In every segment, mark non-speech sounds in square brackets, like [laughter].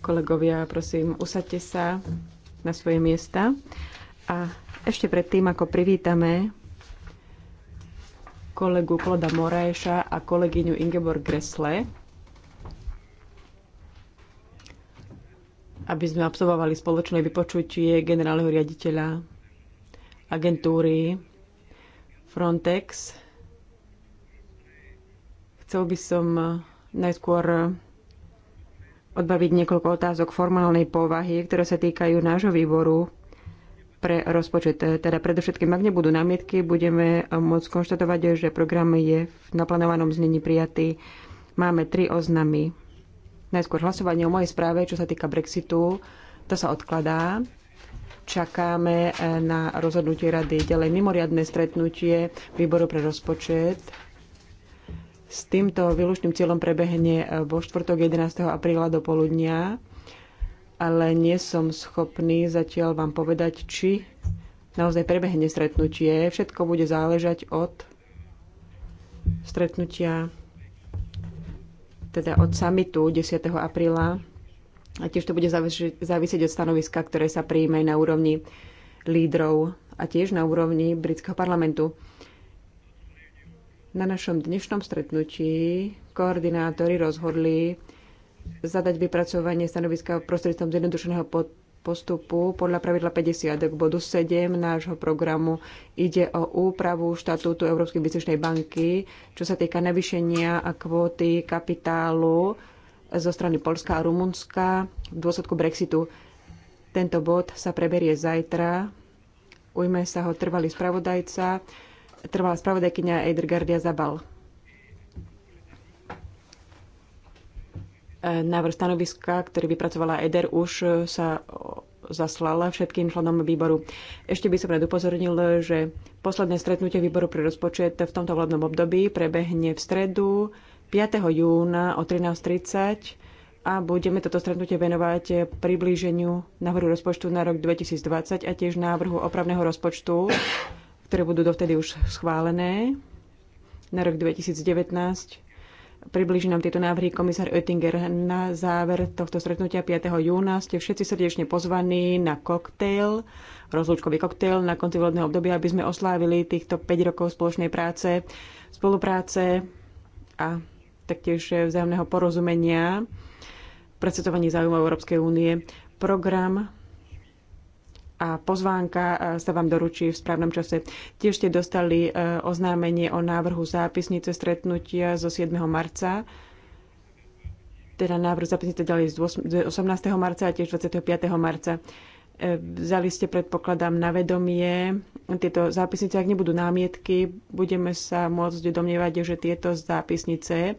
Kolegovia, prosím, usadte sa na svoje miesta. A ešte predtým, ako privítame kolegu Kloda Moraeša a kolegyňu Ingeborg Gressle, aby sme absolvovali spoločné vypočutie generálneho riaditeľa agentúry Frontex. Chcel by som najskôr odbaviť niekoľko otázok formálnej povahy, ktoré sa týkajú nášho výboru pre rozpočet. Teda predovšetkým, ak nebudú námietky, budeme môcť konštatovať, že program je v naplánovanom znení prijatý. Máme tri oznamy. Najskôr hlasovanie o mojej správe, čo sa týka Brexitu. To sa odkladá. Čakáme na rozhodnutie rady ďalej mimoriadne stretnutie výboru pre rozpočet s týmto výlučným cieľom prebehne eh, vo štvrtok 11. apríla do poludnia, ale nie som schopný zatiaľ vám povedať, či naozaj prebehne stretnutie. Všetko bude záležať od stretnutia, teda od samitu 10. apríla. A tiež to bude závisieť od stanoviska, ktoré sa príjme na úrovni lídrov a tiež na úrovni britského parlamentu. Na našom dnešnom stretnutí koordinátori rozhodli zadať vypracovanie stanoviska prostredstvom zjednodušeného postupu podľa pravidla 50 k bodu 7 nášho programu. Ide o úpravu štatútu Európskej investičnej banky, čo sa týka navýšenia a kvóty kapitálu zo strany Polska a Rumunska v dôsledku Brexitu. Tento bod sa preberie zajtra. Ujme sa ho trvalý spravodajca trvalá spravodajkynia Eidergardia Zabal. E, návrh stanoviska, ktorý vypracovala EDER, už sa zaslala všetkým členom výboru. Ešte by som rád upozornil, že posledné stretnutie výboru pre rozpočet v tomto volebnom období prebehne v stredu 5. júna o 13.30 a budeme toto stretnutie venovať priblíženiu návrhu rozpočtu na rok 2020 a tiež návrhu opravného rozpočtu ktoré budú dovtedy už schválené na rok 2019. Približí nám tieto návrhy komisár Oettinger na záver tohto stretnutia 5. júna. Ste všetci srdečne pozvaní na koktail, rozlúčkový koktail na konci volebného obdobia, aby sme oslávili týchto 5 rokov spoločnej práce, spolupráce a taktiež vzájomného porozumenia, predsetovanie záujmov Európskej únie. Program a pozvánka e, sa vám doručí v správnom čase. Tiež ste dostali e, oznámenie o návrhu zápisnice stretnutia zo 7. marca, teda návrh zápisnice dali z 18. marca a tiež 25. marca. E, vzali ste, predpokladám, na vedomie tieto zápisnice. Ak nebudú námietky, budeme sa môcť domnievať, že tieto zápisnice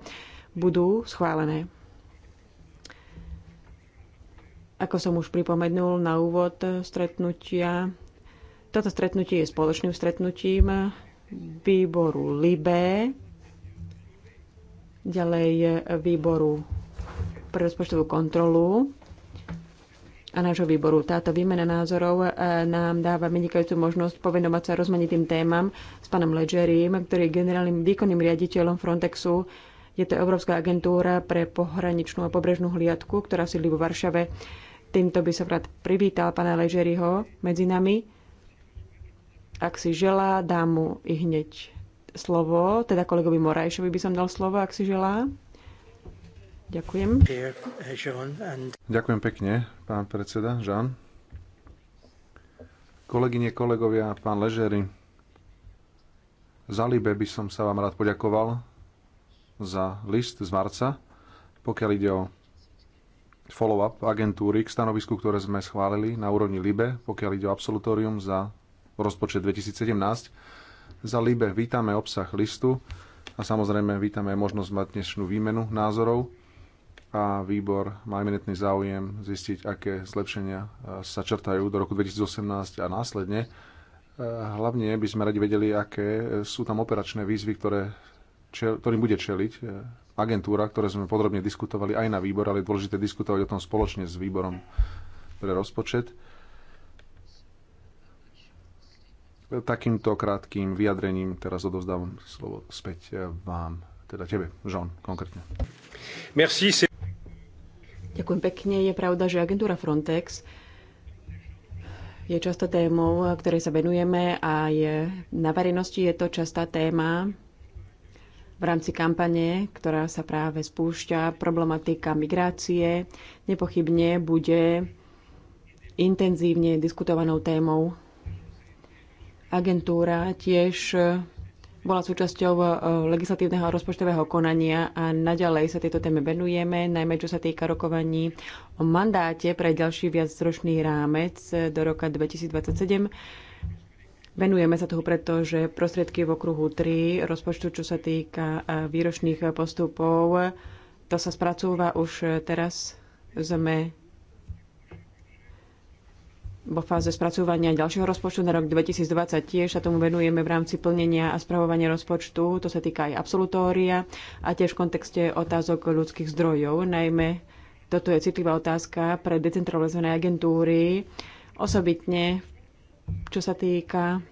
budú schválené. Ako som už pripomenul na úvod stretnutia, toto stretnutie je spoločným stretnutím výboru LIBE, ďalej výboru pre rozpočtovú kontrolu a nášho výboru. Táto výmena názorov eh, nám dáva vynikajúcu možnosť povenovať sa rozmanitým témam s pánom Ledgerim, ktorý je generálnym výkonným riaditeľom Frontexu je to Európska agentúra pre pohraničnú a pobrežnú hliadku, ktorá sídli vo Varšave. Týmto by som rád privítal pana Ležeriho medzi nami. Ak si želá, dám mu i hneď slovo, teda kolegovi Morajšovi by som dal slovo, ak si želá. Ďakujem. Ďakujem pekne, pán predseda, Žan. Kolegyne, kolegovia, pán Ležery, za Libe by som sa vám rád poďakoval za list z marca, pokiaľ ide o follow-up agentúry k stanovisku, ktoré sme schválili na úrovni LIBE, pokiaľ ide o absolutórium za rozpočet 2017. Za LIBE vítame obsah listu a samozrejme vítame aj možnosť mať dnešnú výmenu názorov a výbor má eminentný záujem zistiť, aké zlepšenia e, sa črtajú do roku 2018 a následne. E, hlavne by sme radi vedeli, aké sú tam operačné výzvy, ktoré, ktorým bude čeliť e, agentúra, ktoré sme podrobne diskutovali aj na výbor, ale je dôležité diskutovať o tom spoločne s výborom pre rozpočet. Takýmto krátkým vyjadrením teraz odovzdávam slovo späť eh, vám, teda tebe, Jean, konkrétne. Merci. Ďakujem pekne. Je pravda, že agentúra Frontex je často témou, ktorej sa venujeme a je, na verejnosti je to častá téma, v rámci kampane, ktorá sa práve spúšťa, problematika migrácie nepochybne bude intenzívne diskutovanou témou. Agentúra tiež eh, bola súčasťou eh, legislatívneho a rozpočtového konania a naďalej sa tejto téme venujeme, najmä čo sa týka rokovaní o mandáte pre ďalší viacročný rámec eh, do roka 2027 Venujeme sa tomu, pretože prostriedky v okruhu 3 rozpočtu, čo sa týka e, výročných postupov, to sa spracúva už teraz. Sme vo fáze spracúvania ďalšieho rozpočtu na rok 2020 tiež sa tomu venujeme v rámci plnenia a spravovania rozpočtu. To sa týka aj absolutória a tiež v kontexte otázok ľudských zdrojov. Najmä toto je citlivá otázka pre decentralizované agentúry, osobitne v čo sa týka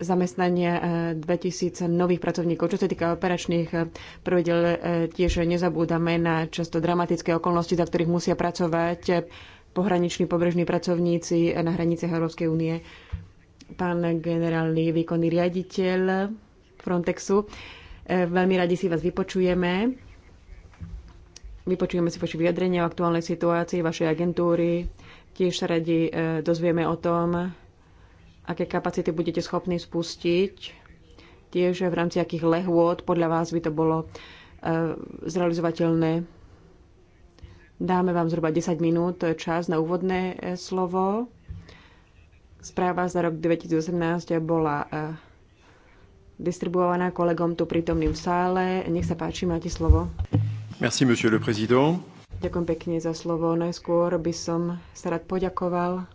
zamestnania 2000 e, nových pracovníkov. Čo sa týka operačných e, pravidel, e, tiež nezabúdame na často dramatické okolnosti, za ktorých musia pracovať pohraniční pobrežní pracovníci na hraniciach Európskej únie. Pán generálny výkonný riaditeľ Frontexu, veľmi radi si vás vypočujeme. Vypočujeme si vaše vyjadrenia o aktuálnej situácii vašej agentúry Tiež sa radi e, dozvieme o tom, aké kapacity budete schopní spustiť, tiež v rámci akých lehôd podľa vás by to bolo e, zrealizovateľné. Dáme vám zhruba 10 minút e, čas na úvodné slovo. Správa za rok 2018 bola distribuovaná kolegom tu prítomným v sále. Nech sa páči, máte slovo. Merci, monsieur le président. Ďakujem pekne za slovo. Najskôr by som sa rád poďakoval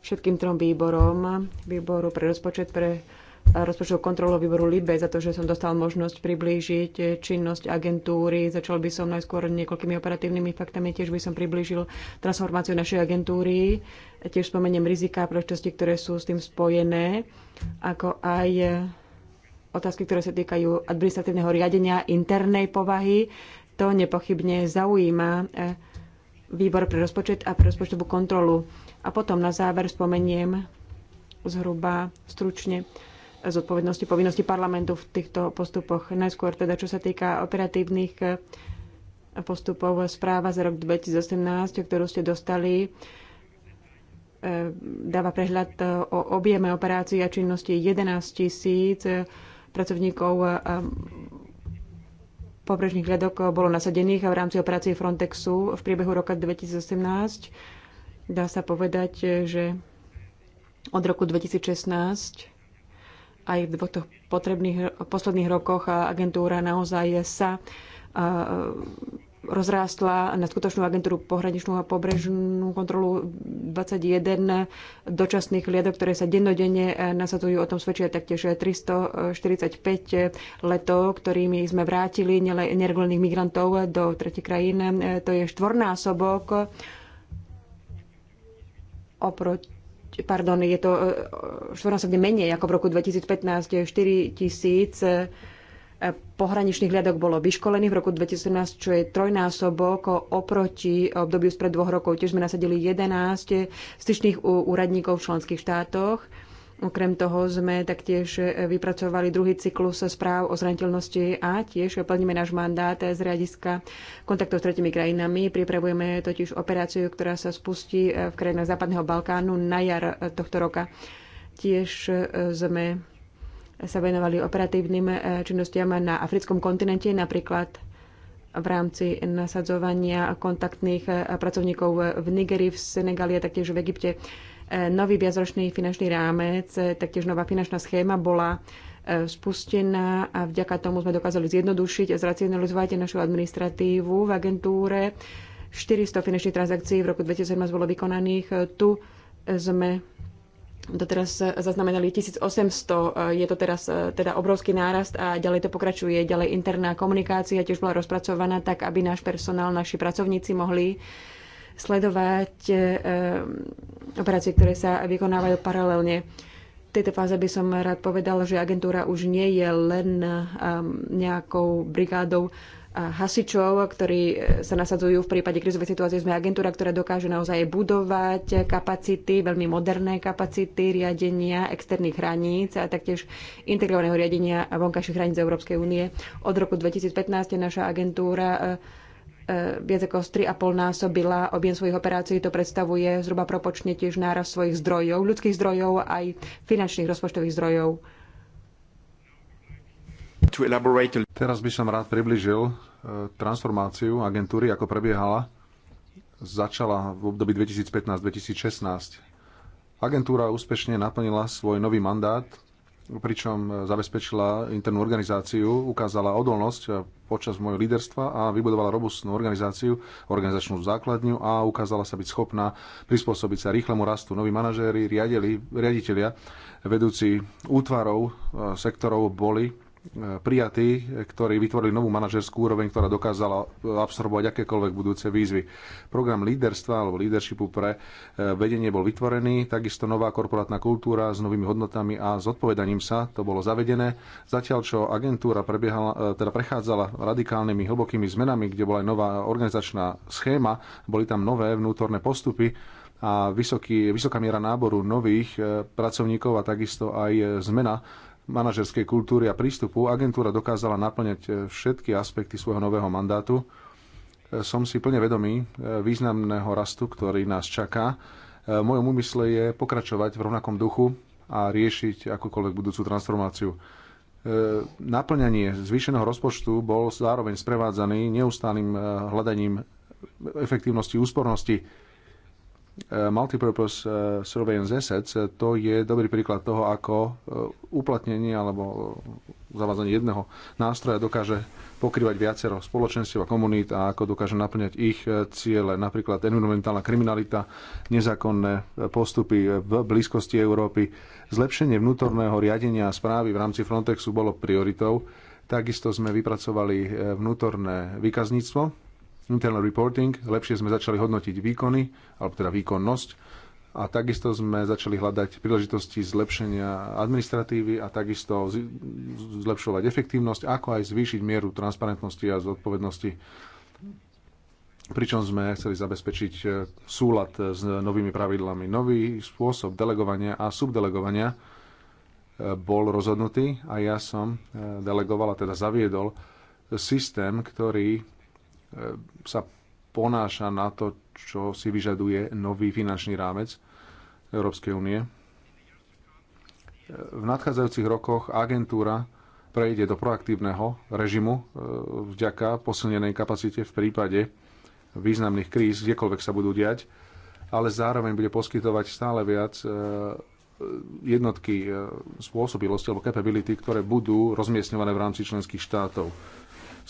všetkým trom výborom, výboru pre rozpočet, pre rozpočtov kontrolu výboru LIBE za to, že som dostal možnosť priblížiť činnosť agentúry. Začal by som najskôr niekoľkými operatívnymi faktami, tiež by som priblížil transformáciu našej agentúry, tiež spomeniem rizika a príležitosti, ktoré sú s tým spojené, ako aj otázky, ktoré sa týkajú administratívneho riadenia internej povahy, to nepochybne zaujíma e, výbor pre rozpočet a pre rozpočtovú kontrolu. A potom na záver spomeniem zhruba stručne zodpovednosti, povinnosti parlamentu v týchto postupoch. Najskôr teda, čo sa týka operatívnych e, postupov správa za rok 2018, ktorú ste dostali, e, dáva prehľad o objeme operácií a činnosti 11 tisíc pracovníkov pobrežných hľadok bolo nasadených a v rámci operácie Frontexu v priebehu roka 2018 dá sa povedať, že od roku 2016 aj v dvoch potrebných posledných rokoch agentúra naozaj sa rozrástla na skutočnú agentúru pohraničnú a pobrežnú kontrolu 21 dočasných liadok, ktoré sa dennodenne eh, nasadzujú. O tom svedčia taktiež 345 letov, ktorými sme vrátili neregulných migrantov do tretich krajín. Eh, to je štvornásobok oproti pardon, je to eh, štvornásobne menej ako v roku 2015, 4 tisíc pohraničných hliadok bolo vyškolených v roku 2017, čo je trojnásobok oproti obdobiu spred dvoch rokov. Tiež sme nasadili 11 styčných úradníkov v členských štátoch. Okrem toho sme taktiež vypracovali druhý cyklus správ o zraniteľnosti a tiež plníme náš mandát z hľadiska kontaktov s tretimi krajinami. Pripravujeme totiž operáciu, ktorá sa spustí v krajinách Západného Balkánu na jar tohto roka. Tiež e, sme sa venovali operatívnym e, činnostiam na africkom kontinente, napríklad v rámci nasadzovania kontaktných e, pracovníkov v Nigeri, v Senegali a taktiež v Egypte. E, nový viacročný finančný rámec, taktiež nová finančná schéma bola spustená a vďaka tomu sme dokázali zjednodušiť a zracionalizovať našu administratívu v agentúre. 400 finančných transakcií v roku 2017 bolo vykonaných. Tu sme doteraz eh, zaznamenali 1800. Eh, je to teraz eh, teda obrovský nárast a ďalej to pokračuje. Ďalej interná komunikácia tiež bola rozpracovaná tak, aby náš personál, naši pracovníci mohli sledovať operácie, ktoré sa vykonávajú paralelne. V tejto fáze by som rád povedal, že agentúra už nie je len nejakou brigádou hasičov, ktorí e, sa nasadzujú v prípade krizovej situácie. Sme agentúra, ktorá dokáže naozaj budovať kapacity, veľmi moderné kapacity riadenia externých hraníc a taktiež integrovaného riadenia vonkajších hraníc Európskej únie. Od roku 2015 je naša agentúra e, e, viac ako 3,5 násobila objem svojich operácií. To predstavuje zhruba propočne tiež náraz svojich zdrojov, ľudských zdrojov aj finančných rozpočtových zdrojov Teraz by som rád približil e, transformáciu agentúry, ako prebiehala. Začala v období 2015-2016. Agentúra úspešne naplnila svoj nový mandát, pričom e, zabezpečila internú organizáciu, ukázala odolnosť e, počas môjho líderstva a vybudovala robustnú organizáciu, organizačnú základňu a ukázala sa byť schopná prispôsobiť sa rýchlemu rastu. Noví manažéri, riaditeľia, vedúci útvarov, sektorov boli prijatí, ktorí vytvorili novú manažerskú úroveň, ktorá dokázala absorbovať akékoľvek budúce výzvy. Program líderstva alebo leadershipu pre e, vedenie bol vytvorený, takisto nová korporátna kultúra s novými hodnotami a s odpovedaním sa to bolo zavedené. Zatiaľ, čo agentúra prebiehala, e, teda prechádzala radikálnymi hlbokými zmenami, kde bola aj nová organizačná schéma, boli tam nové vnútorné postupy, a vysoký, vysoká miera náboru nových e, pracovníkov a takisto aj zmena manažerskej kultúry a prístupu agentúra dokázala naplňať e, všetky aspekty svojho nového mandátu. E, som si plne vedomý e, významného rastu, ktorý nás čaká. V mojom úmysle je pokračovať v rovnakom duchu a riešiť akúkoľvek budúcu transformáciu. Naplňanie zvýšeného rozpočtu bol zároveň sprevádzaný neustálým hľadaním efektívnosti, úspornosti, Eh, multipurpose eh, Surveillance Assets, eh, to je dobrý príklad toho, ako uplatnenie alebo zavádzanie jedného nástroja dokáže pokrývať viacero spoločenstiev a komunít a ako dokáže naplňať ich ciele, napríklad environmentálna kriminalita, nezákonné postupy v blízkosti Európy. Zlepšenie vnútorného riadenia a správy v rámci Frontexu bolo prioritou. Takisto sme vypracovali vnútorné výkazníctvo, internal reporting, lepšie sme začali hodnotiť výkony, alebo teda výkonnosť, a takisto sme začali hľadať príležitosti zlepšenia administratívy a takisto zlepšovať efektívnosť, ako aj zvýšiť mieru transparentnosti a zodpovednosti pričom sme chceli zabezpečiť e, súlad s novými pravidlami. Nový spôsob delegovania a subdelegovania e, bol rozhodnutý a ja som e, delegoval, a teda zaviedol systém, ktorý sa ponáša na to, čo si vyžaduje nový finančný rámec Európskej únie. V nadchádzajúcich rokoch agentúra prejde do proaktívneho režimu e, vďaka posilnenej kapacite v prípade významných kríz, kdekoľvek sa budú diať, ale zároveň bude poskytovať stále viac e, jednotky e, spôsobilosti alebo capability, ktoré budú rozmiestňované v rámci členských štátov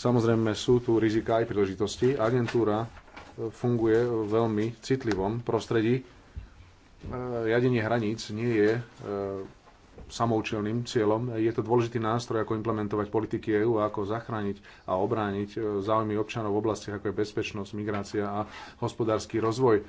Samozrejme sú tu rizika aj príležitosti. Agentúra e, funguje v veľmi citlivom prostredí. E, riadenie hraníc nie je e, samoučelným cieľom. Je to dôležitý nástroj, ako implementovať politiky EÚ, ako zachrániť a obrániť záujmy občanov v oblastiach, ako je bezpečnosť, migrácia a hospodársky rozvoj.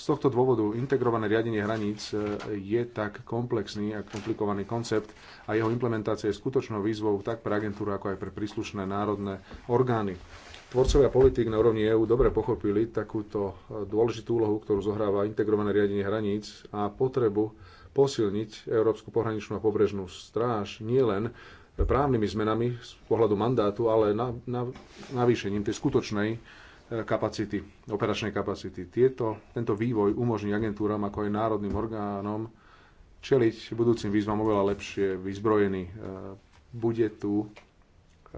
Z tohto dôvodu integrované riadenie hraníc e, je tak komplexný a komplikovaný koncept a jeho implementácia je skutočnou výzvou tak pre agentúru, ako aj pre príslušné národné orgány. Tvorcovia politik na úrovni EÚ dobre pochopili takúto e, dôležitú úlohu, ktorú zohráva integrované riadenie hraníc a potrebu posilniť Európsku pohraničnú a pobrežnú stráž nielen právnymi zmenami z pohľadu mandátu, ale na, na, navýšením tej skutočnej kapacity, operačnej kapacity. Tieto, tento vývoj umožní agentúram ako aj národným orgánom čeliť budúcim výzvam oveľa lepšie vyzbrojený. E, bude tu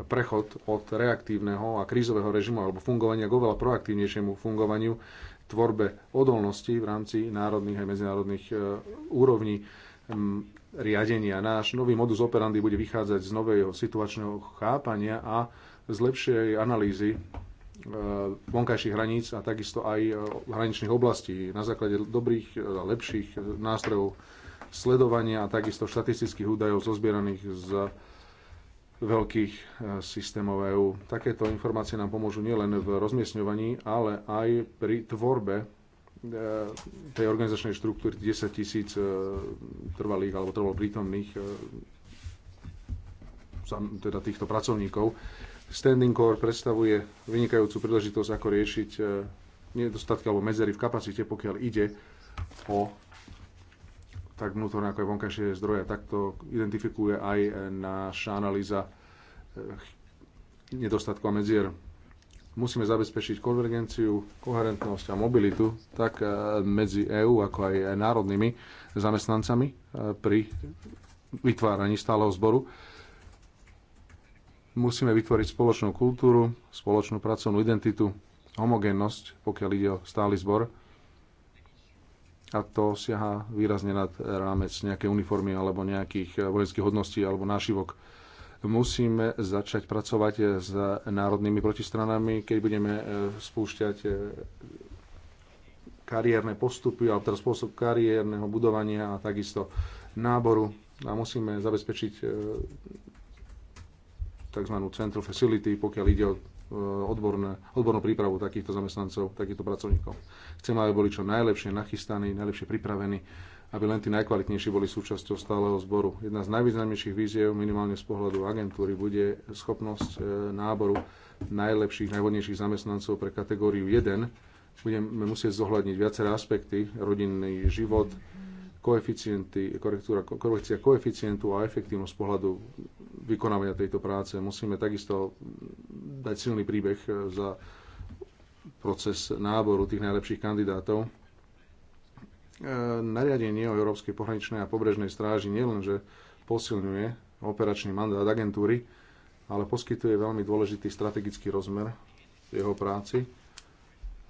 prechod od reaktívneho a krízového režimu alebo fungovania k oveľa proaktívnejšiemu fungovaniu, tvorbe odolnosti v rámci národných aj medzinárodných e, úrovní riadenia. Náš nový modus operandi bude vychádzať z nového situačného chápania a z lepšej analýzy E, vonkajších hraníc a takisto aj e, hraničných oblastí na základe dobrých e, lepších nástrojov sledovania a takisto štatistických údajov zozbieraných z veľkých systémov EÚ. Takéto informácie nám pomôžu nielen v rozmiestňovaní, ale aj pri tvorbe tej organizačnej štruktúry 10 tisíc trvalých alebo trvalo prítomných teda týchto pracovníkov Standing core predstavuje vynikajúcu príležitosť, ako riešiť e, nedostatky alebo medzery v kapacite, pokiaľ ide o tak vnútorné ako aj vonkajšie zdroje. Takto identifikuje aj náša analýza e, nedostatku a medzier. Musíme zabezpečiť konvergenciu, koherentnosť a mobilitu tak e, medzi EÚ ako aj národnými zamestnancami pri vytváraní stáleho zboru Musíme vytvoriť spoločnú kultúru, spoločnú pracovnú identitu, homogénnosť, pokiaľ ide o stály zbor. A to siaha výrazne nad rámec nejakej uniformy alebo nejakých vojenských hodností alebo nášivok musíme začať pracovať s národnými protistranami, keď budeme e, spúšťať e, kariérne postupy, alebo teda spôsob kariérneho budovania a takisto náboru. A musíme zabezpečiť e, tzv. central facility, pokiaľ ide o e, odborné, odbornú prípravu takýchto zamestnancov, takýchto pracovníkov. Chcem, aby boli čo najlepšie nachystaní, najlepšie pripravení, aby len tí najkvalitnejší boli súčasťou stáleho zboru. Jedna z najvýznamnejších víziev, minimálne z pohľadu agentúry, bude schopnosť e, náboru najlepších, najvodnejších zamestnancov pre kategóriu 1. Budeme musieť zohľadniť viaceré aspekty, rodinný život, koeficienty, korektúra, korekcia koeficientu a efektívnosť pohľadu vykonávania tejto práce. Musíme takisto dať silný príbeh za proces náboru tých najlepších kandidátov. E, nariadenie o Európskej pohraničnej a pobrežnej stráži nielenže posilňuje operačný mandát agentúry, ale poskytuje veľmi dôležitý strategický rozmer jeho práci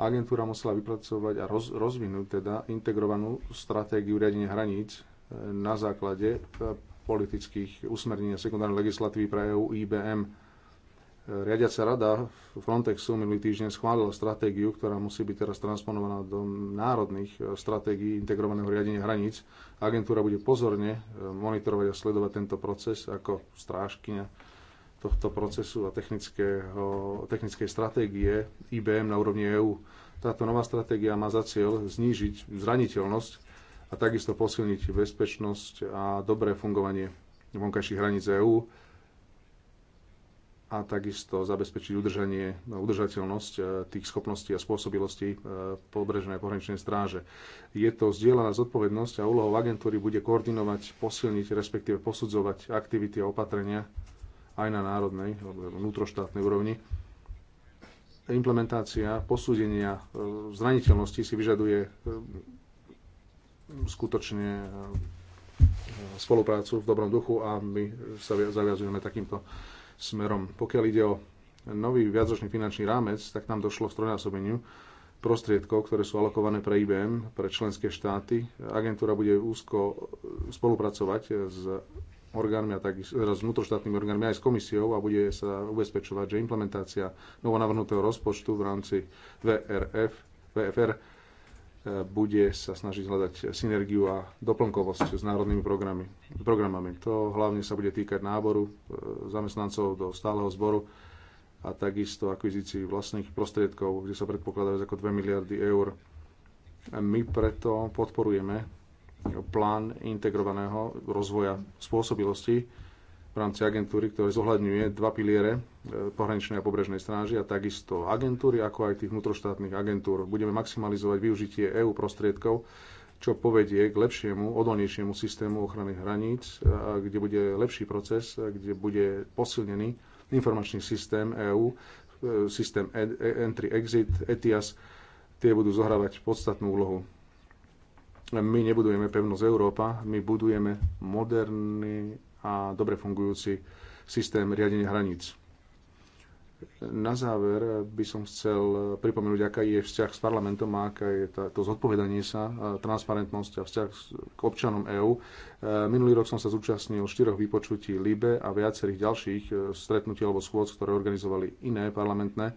Agentúra musela vypracovať a roz, rozvinúť teda integrovanú stratégiu riadenia hraníc e, na základe e, politických usmernení a sekundárnej legislatívy pre EU IBM. E, riadiaca rada Frontexu minulý týždeň schválila stratégiu, ktorá musí byť teraz transponovaná do národných stratégií integrovaného riadenia hraníc. Agentúra bude pozorne monitorovať a sledovať tento proces ako strážkyňa tohto procesu a technickej stratégie IBM na úrovni EÚ. Táto nová stratégia má za cieľ znížiť zraniteľnosť a takisto posilniť bezpečnosť a dobré fungovanie vonkajších hraníc EÚ a takisto zabezpečiť udržanie, udržateľnosť e, tých schopností a spôsobilostí e, pobrežnej pohraničnej stráže. Je to zdieľaná zodpovednosť a úlohou agentúry bude koordinovať, posilniť, respektíve posudzovať aktivity a opatrenia aj na národnej alebo vnútroštátnej úrovni. Implementácia posúdenia e, zraniteľnosti si vyžaduje e, skutočne e, spoluprácu v dobrom duchu a my sa zaviazujeme takýmto smerom. Pokiaľ ide o nový viacročný finančný rámec, tak tam došlo k trojnásobeniu prostriedkov, ktoré sú alokované pre IBM, pre členské štáty. Agentúra bude úzko spolupracovať s orgánmi a takisto s vnútroštátnymi orgánmi aj s komisiou a bude sa ubezpečovať, že implementácia novo navrhnutého rozpočtu v rámci VRF, VFR e, bude sa snažiť hľadať synergiu a doplnkovosť s národnými programy, programami. To hlavne sa bude týkať náboru e, zamestnancov do stáleho zboru a takisto akvizícii vlastných prostriedkov, kde sa predpokladajú ako 2 miliardy eur. My preto podporujeme plán integrovaného rozvoja spôsobilosti v rámci agentúry, ktoré zohľadňuje dva piliere e, pohraničnej a pobrežnej stráži a takisto agentúry, ako aj tých vnútroštátnych agentúr. Budeme maximalizovať využitie EU prostriedkov, čo povedie k lepšiemu, odolnejšiemu systému ochrany hraníc, e, kde bude lepší proces, e, kde bude posilnený informačný systém EÚ, systém Entry-Exit, ETIAS, tie budú zohrávať podstatnú úlohu my nebudujeme pevnosť Európa, my budujeme moderný a dobre fungujúci systém riadenia hraníc. Na záver by som chcel pripomenúť, aká je vzťah s parlamentom a aká je tá, to zodpovedanie sa, transparentnosť a vzťah k občanom EÚ. E, minulý rok som sa zúčastnil štyroch vypočutí LIBE a viacerých ďalších e, stretnutí alebo schôd, ktoré organizovali iné parlamentné e,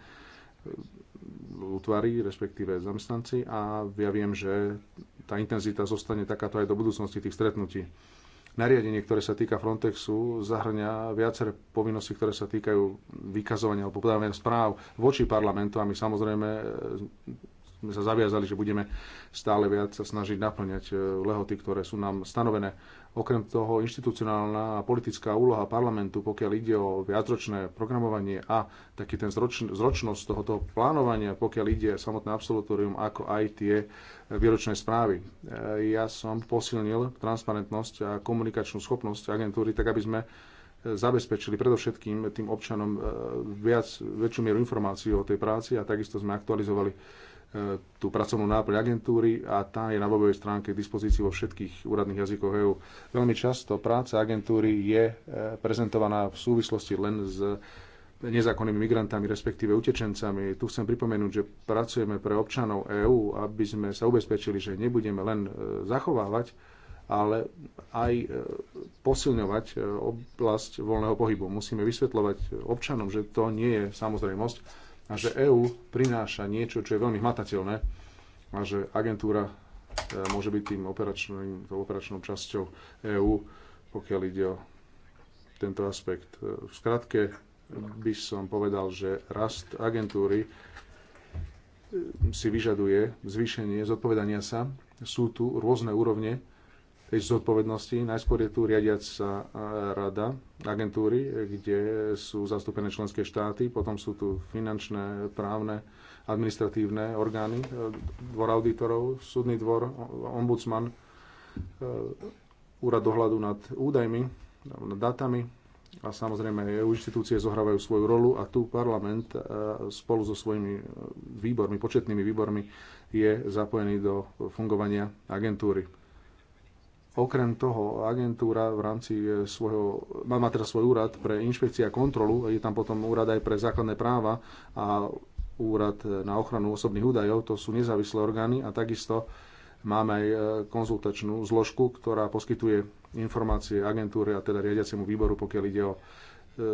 útvary, respektíve zamestnanci a ja viem, že tá intenzita zostane takáto aj do budúcnosti tých stretnutí. Nariadenie, ktoré sa týka Frontexu, zahrňa viaceré povinnosti, ktoré sa týkajú vykazovania alebo podávania správ voči parlamentu a my samozrejme sme sa zaviazali, že budeme stále viac sa snažiť naplňať e, lehoty, ktoré sú nám stanovené. Okrem toho inštitucionálna a politická úloha parlamentu, pokiaľ ide o viacročné programovanie a taký ten zroč, zročnosť tohoto plánovania, pokiaľ ide samotné absolutórium, ako aj tie e, výročné správy. E, ja som posilnil transparentnosť a komunikačnú schopnosť agentúry, tak aby sme zabezpečili predovšetkým tým občanom viac, väčšiu mieru informácií o tej práci a takisto sme aktualizovali E, tú pracovnú náplň agentúry a tá je na webovej stránke k dispozícii vo všetkých úradných jazykoch EÚ. Veľmi často práca agentúry je e, prezentovaná v súvislosti len s nezákonnými migrantami, respektíve utečencami. Tu chcem pripomenúť, že pracujeme pre občanov EÚ, aby sme sa ubezpečili, že nebudeme len e, zachovávať, ale aj posilňovať oblasť voľného pohybu. Musíme vysvetľovať občanom, že to nie je samozrejmosť, a že EÚ prináša niečo, čo je veľmi hmatateľné a že agentúra e, môže byť tým operačným, operačnou časťou EÚ, pokiaľ ide o tento aspekt. E, v skratke by som povedal, že rast agentúry e, si vyžaduje zvýšenie zodpovedania sa. Sú tu rôzne úrovne tej zodpovednosti. Najskôr je tu riadiaca rada agentúry, kde sú zastúpené členské štáty, potom sú tu finančné, právne, administratívne orgány, e, dvor auditorov, súdny dvor, ombudsman, e, úrad dohľadu nad údajmi, nad datami a samozrejme EU inštitúcie zohrávajú svoju rolu a tu parlament e, spolu so svojimi výbormi, početnými výbormi je zapojený do fungovania agentúry Okrem toho agentúra v rámci e, svojho, má teda svoj úrad pre inšpekcia a kontrolu, je tam potom úrad aj pre základné práva a úrad na ochranu osobných údajov, to sú nezávislé orgány a takisto máme aj e, konzultačnú zložku, ktorá poskytuje informácie agentúre a teda riadiacemu výboru, pokiaľ ide o e,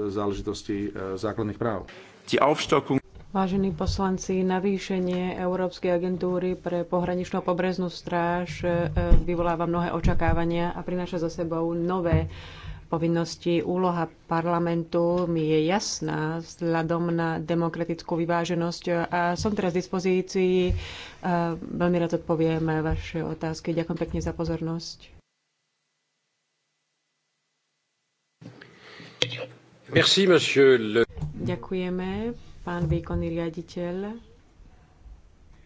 záležitosti základných práv. Die Aufstockung Vážení poslanci, navýšenie Európskej agentúry pre pohraničnú pobreznú stráž e, vyvoláva mnohé očakávania a prináša za sebou nové povinnosti. Úloha parlamentu mi je jasná vzhľadom na demokratickú vyváženosť a som teraz v dispozícii. E, veľmi rád odpoviem vaše otázky. Ďakujem pekne za pozornosť. Merci, monsieur le... Ďakujeme pán výkonný riaditeľ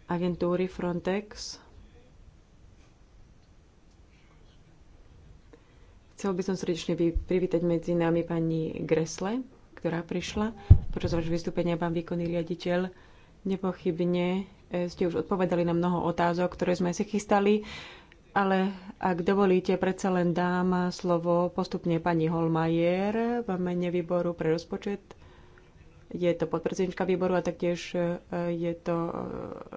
agentúry Frontex. Chcel by som srdečne privítať medzi nami pani Gresle, ktorá prišla. Počas vášho vystúpenia, pán výkonný riaditeľ, nepochybne e, ste už odpovedali na mnoho otázok, ktoré sme si chystali, ale ak dovolíte, predsa len dám slovo postupne pani Holmajer v mene výboru pre rozpočet je to podpredsednička výboru a taktiež e, je to e,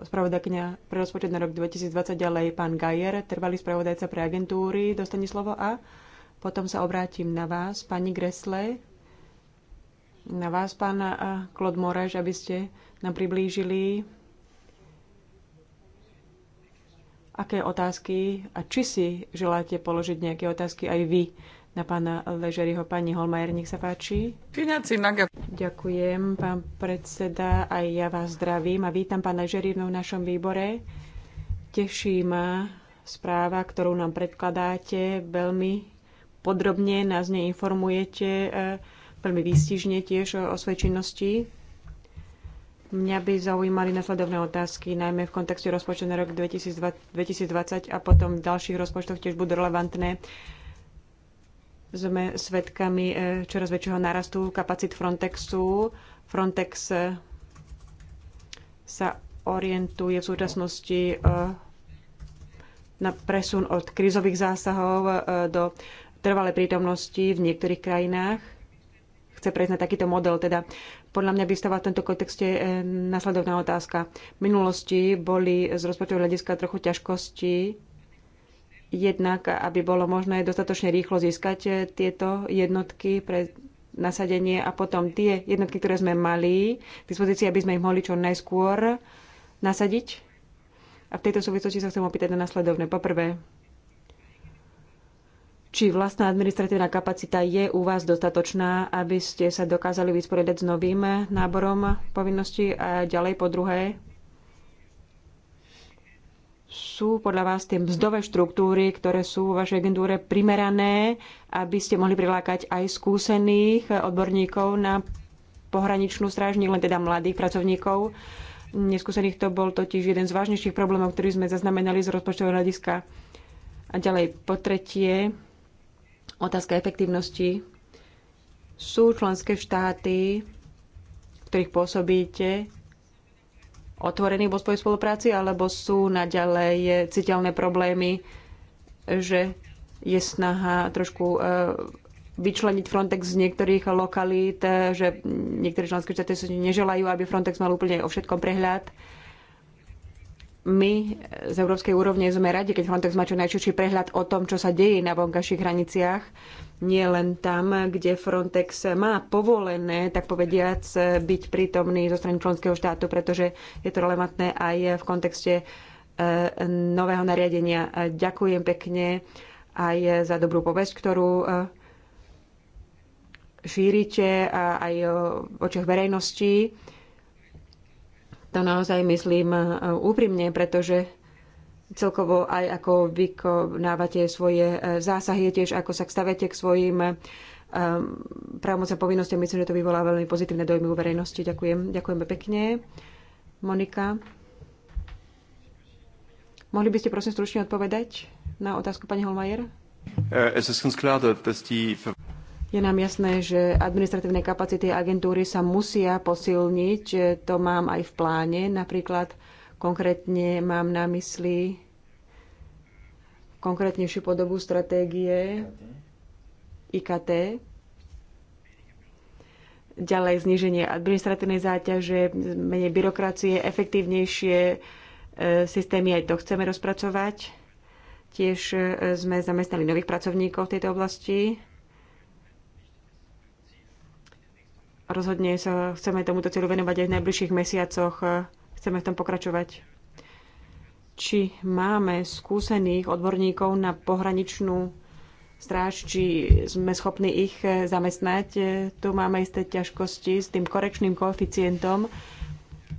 spravodajkňa pre rozpočet na rok 2020 ďalej pán Gajer, trvalý spravodajca pre agentúry, dostane slovo a potom sa obrátim na vás, pani Gresle, na vás, pán Klod e, Moraž, aby ste nám priblížili, aké otázky a či si želáte položiť nejaké otázky aj vy na pána Ležeriho. Pani Holmajer, nech sa páči. Ďakujem, pán predseda, aj ja vás zdravím a vítam pána Ležeri v našom výbore. Teší ma správa, ktorú nám predkladáte, veľmi podrobne nás neinformujete, e, veľmi výstižne tiež o svojej činnosti. Mňa by zaujímali nasledovné otázky, najmä v kontexte rozpočtu na rok 2020 a potom v ďalších rozpočtoch tiež budú relevantné sme svedkami e, čoraz väčšieho narastu kapacít Frontexu. Frontex e, sa orientuje v súčasnosti e, na presun od krízových zásahov do trvalej prítomnosti v niektorých krajinách. Chce prejsť na takýto model. Teda podľa mňa vystáva v tomto kontexte nasledovná otázka. V minulosti boli z rozpočtového hľadiska trochu ťažkosti jednak aby bolo možné dostatočne rýchlo získať eh, tieto jednotky pre nasadenie a potom tie jednotky, ktoré sme mali k dispozícii, aby sme ich mohli čo najskôr nasadiť. A v tejto súvislosti sa chcem opýtať na nasledovné. Poprvé, či vlastná administratívna kapacita je u vás dostatočná, aby ste sa dokázali vysporiadať s novým náborom povinností a ďalej po druhé, sú podľa vás tie mzdové štruktúry, ktoré sú vo vašej agentúre primerané, aby ste mohli prilákať aj skúsených odborníkov na pohraničnú stráž, len teda mladých pracovníkov. Neskúsených to bol totiž jeden z vážnejších problémov, ktorý sme zaznamenali z rozpočtového hľadiska. A ďalej, po tretie, otázka efektívnosti. Sú členské štáty, v ktorých pôsobíte, otvorení vo svojej spolupráci, alebo sú naďalej citeľné problémy, že je snaha trošku e, vyčleniť Frontex z niektorých lokalít, e, že niektoré členské štáty sa neželajú, aby Frontex mal úplne o všetkom prehľad my z európskej úrovne sme radi, keď Frontex má čo najširší prehľad o tom, čo sa deje na vonkajších hraniciach, nie len tam, kde Frontex má povolené, tak povediac, byť prítomný zo strany členského štátu, pretože je to relevantné aj v kontexte e, nového nariadenia. Ďakujem pekne aj za dobrú povesť, ktorú e, šírite aj v očiach verejnosti to naozaj myslím e, úprimne, pretože celkovo aj ako vykonávate svoje e, zásahy, tiež ako sa stavete k svojim e, právomoc a povinnosti. Myslím, že to vyvolá veľmi pozitívne dojmy u verejnosti. Ďakujem. Ďakujeme pekne. Monika. Mohli by ste prosím stručne odpovedať na otázku pani Holmajer? Eh, je nám jasné, že administratívne kapacity agentúry sa musia posilniť. To mám aj v pláne. Napríklad konkrétne mám na mysli konkrétnejšiu podobu stratégie IKT. Ďalej zníženie administratívnej záťaže, menej byrokracie, efektívnejšie e, systémy, aj to chceme rozpracovať. Tiež e, sme zamestnali nových pracovníkov v tejto oblasti Rozhodne sa chceme tomuto cieľu venovať aj v najbližších mesiacoch. Chceme v tom pokračovať. Či máme skúsených odborníkov na pohraničnú stráž, či sme schopní ich zamestnať. Tu máme isté ťažkosti s tým korekčným koeficientom.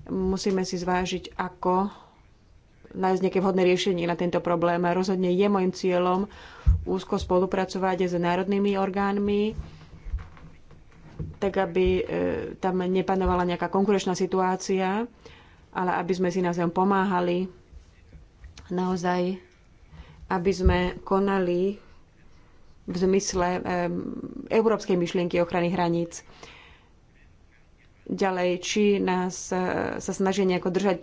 Musíme si zvážiť, ako nájsť nejaké vhodné riešenie na tento problém. Rozhodne je môjim cieľom úzko spolupracovať s národnými orgánmi, tak aby e, tam nepanovala nejaká konkurenčná situácia, ale aby sme si navzájom pomáhali naozaj, aby sme konali v zmysle e, európskej myšlienky ochrany hraníc. Ďalej, či nás e, sa snaží nejako držať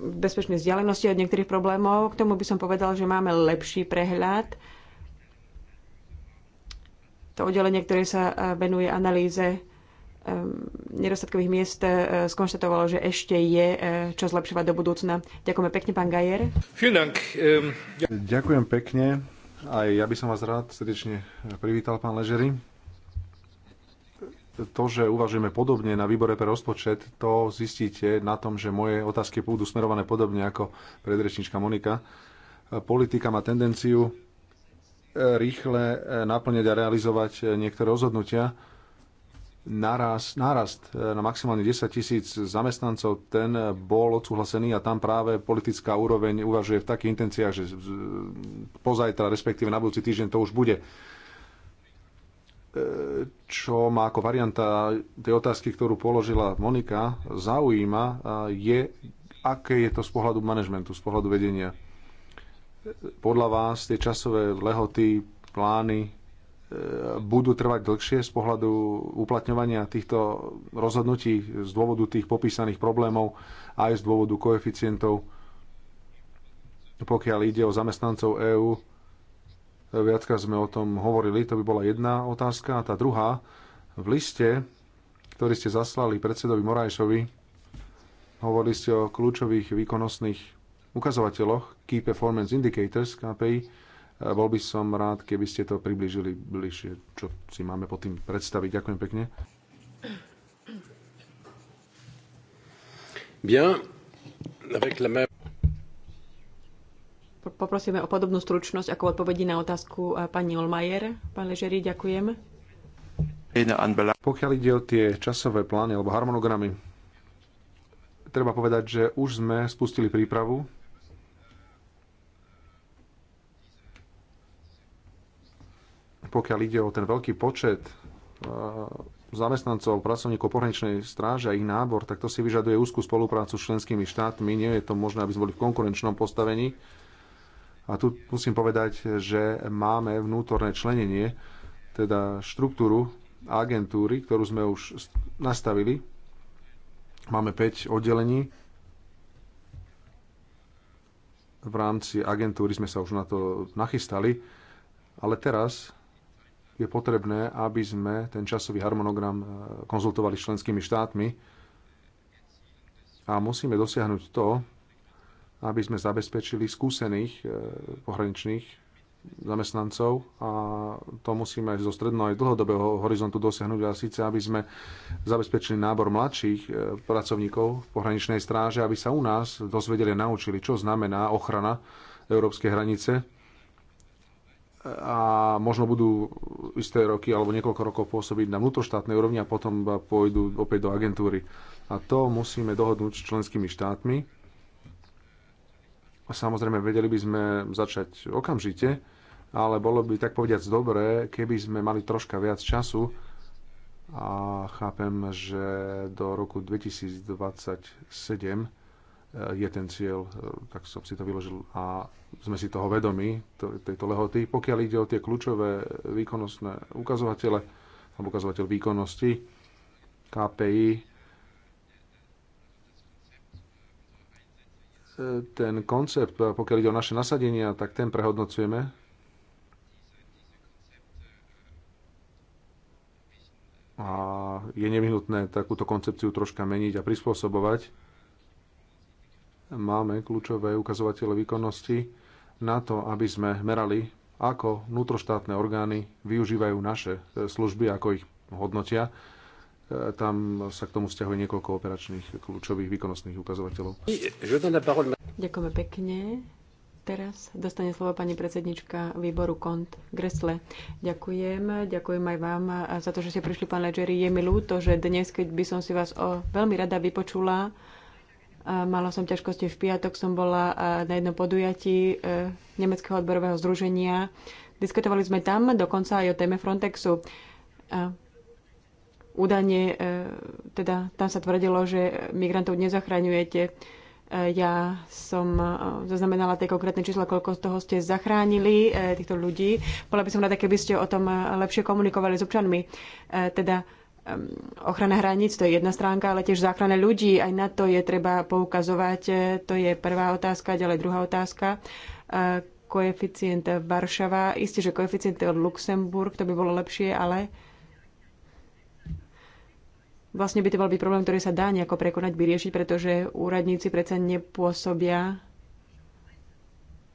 v bezpečnej vzdialenosti od niektorých problémov, k tomu by som povedal, že máme lepší prehľad to oddelenie, ktoré sa e, venuje analýze e, nedostatkových miest e, skonštatovalo, že ešte je čo zlepšovať do budúcna. Ďakujeme pekne, pán Gajer. Ehm, Ďakujem pekne. Aj ja by som vás rád srdečne privítal, pán Ležery. To, že uvažujeme podobne na výbore pre rozpočet, to zistíte na tom, že moje otázky budú smerované podobne ako predrečnička Monika. Politika má tendenciu rýchle e, naplňať a realizovať e, niektoré rozhodnutia. Narast, nárast e, na maximálne 10 tisíc zamestnancov, ten bol odsúhlasený a tam práve politická úroveň uvažuje v takých intenciách, že pozajtra, respektíve na budúci týždeň to už bude čo ma ako varianta tej otázky, ktorú položila Monika, zaujíma, je, aké je to z pohľadu manažmentu, z pohľadu vedenia podľa vás tie časové lehoty, plány e, budú trvať dlhšie z pohľadu uplatňovania týchto rozhodnutí z dôvodu tých popísaných problémov aj z dôvodu koeficientov, pokiaľ ide o zamestnancov EÚ. Viackrát sme o tom hovorili, to by bola jedna otázka. A tá druhá, v liste, ktorý ste zaslali predsedovi Morajšovi, hovorili ste o kľúčových výkonnostných ukazovateľoch Key Performance Indicators, KPI, e, bol by som rád, keby ste to približili bližšie, čo si máme pod tým predstaviť. Ďakujem pekne. Bien. Avec la même... Poprosíme o podobnú stručnosť ako odpovedí na otázku e, pani Olmajer. Pán Ležeri, ďakujem. Pokiaľ ide o tie časové plány alebo harmonogramy, treba povedať, že už sme spustili prípravu pokiaľ ide o ten veľký počet eh, zamestnancov, pracovníkov pohraničnej stráže a ich nábor, tak to si vyžaduje úzkú spoluprácu s členskými štátmi. Nie je to možné, aby sme boli v konkurenčnom postavení. A tu musím povedať, že máme vnútorné členenie, teda štruktúru agentúry, ktorú sme už nastavili. Máme 5 oddelení. V rámci agentúry sme sa už na to nachystali. Ale teraz je potrebné, aby sme ten časový harmonogram e, konzultovali s členskými štátmi a musíme dosiahnuť to, aby sme zabezpečili skúsených e, pohraničných zamestnancov a to musíme aj zo stredno aj dlhodobého horizontu dosiahnuť a síce, aby sme zabezpečili nábor mladších e, pracovníkov v pohraničnej stráže, aby sa u nás dozvedeli a naučili, čo znamená ochrana európskej hranice a možno budú isté roky alebo niekoľko rokov pôsobiť na vnútroštátnej úrovni a potom pôjdu opäť do agentúry. A to musíme dohodnúť s členskými štátmi. A samozrejme, vedeli by sme začať okamžite, ale bolo by tak povediac dobré, keby sme mali troška viac času a chápem, že do roku 2027 E, je ten cieľ, e, tak som si to vyložil a sme si toho vedomi, tejto lehoty. Pokiaľ ide o tie kľúčové výkonnostné ukazovatele, alebo ukazovateľ výkonnosti, KPI, e, ten koncept, pokiaľ ide o naše nasadenia, tak ten prehodnocujeme. A je nevyhnutné takúto koncepciu troška meniť a prispôsobovať máme kľúčové ukazovatele výkonnosti na to, aby sme merali, ako vnútroštátne orgány využívajú naše e, služby, ako ich hodnotia. E, tam sa k tomu vzťahuje niekoľko operačných kľúčových výkonnostných ukazovateľov. Ďakujeme pekne. Teraz dostane slovo pani predsednička výboru KONT Gresle. Ďakujem, ďakujem aj vám za to, že ste prišli, pán Ledgeri. Je mi ľúto, že dnes, keď by som si vás o, veľmi rada vypočula, Mala som ťažkosti v piatok, som bola e, na jednom podujatí e, Nemeckého odborového združenia. Diskutovali sme tam dokonca aj o téme Frontexu. Údajne, e, teda tam sa tvrdilo, že migrantov nezachraňujete. Ja som zaznamenala tie konkrétne čísla, koľko z toho ste zachránili týchto ľudí. Bola by som rada, keby ste o tom lepšie komunikovali s občanmi. Teda ochrana hraníc, to je jedna stránka, ale tiež záchrana ľudí, aj na to je treba poukazovať. E, to je prvá otázka, ďalej druhá otázka. E, koeficient Varšava, isté, že koeficient od Luxemburg, to by bolo lepšie, ale vlastne by to mal byť problém, ktorý sa dá nejako prekonať, vyriešiť, pretože úradníci predsa nepôsobia,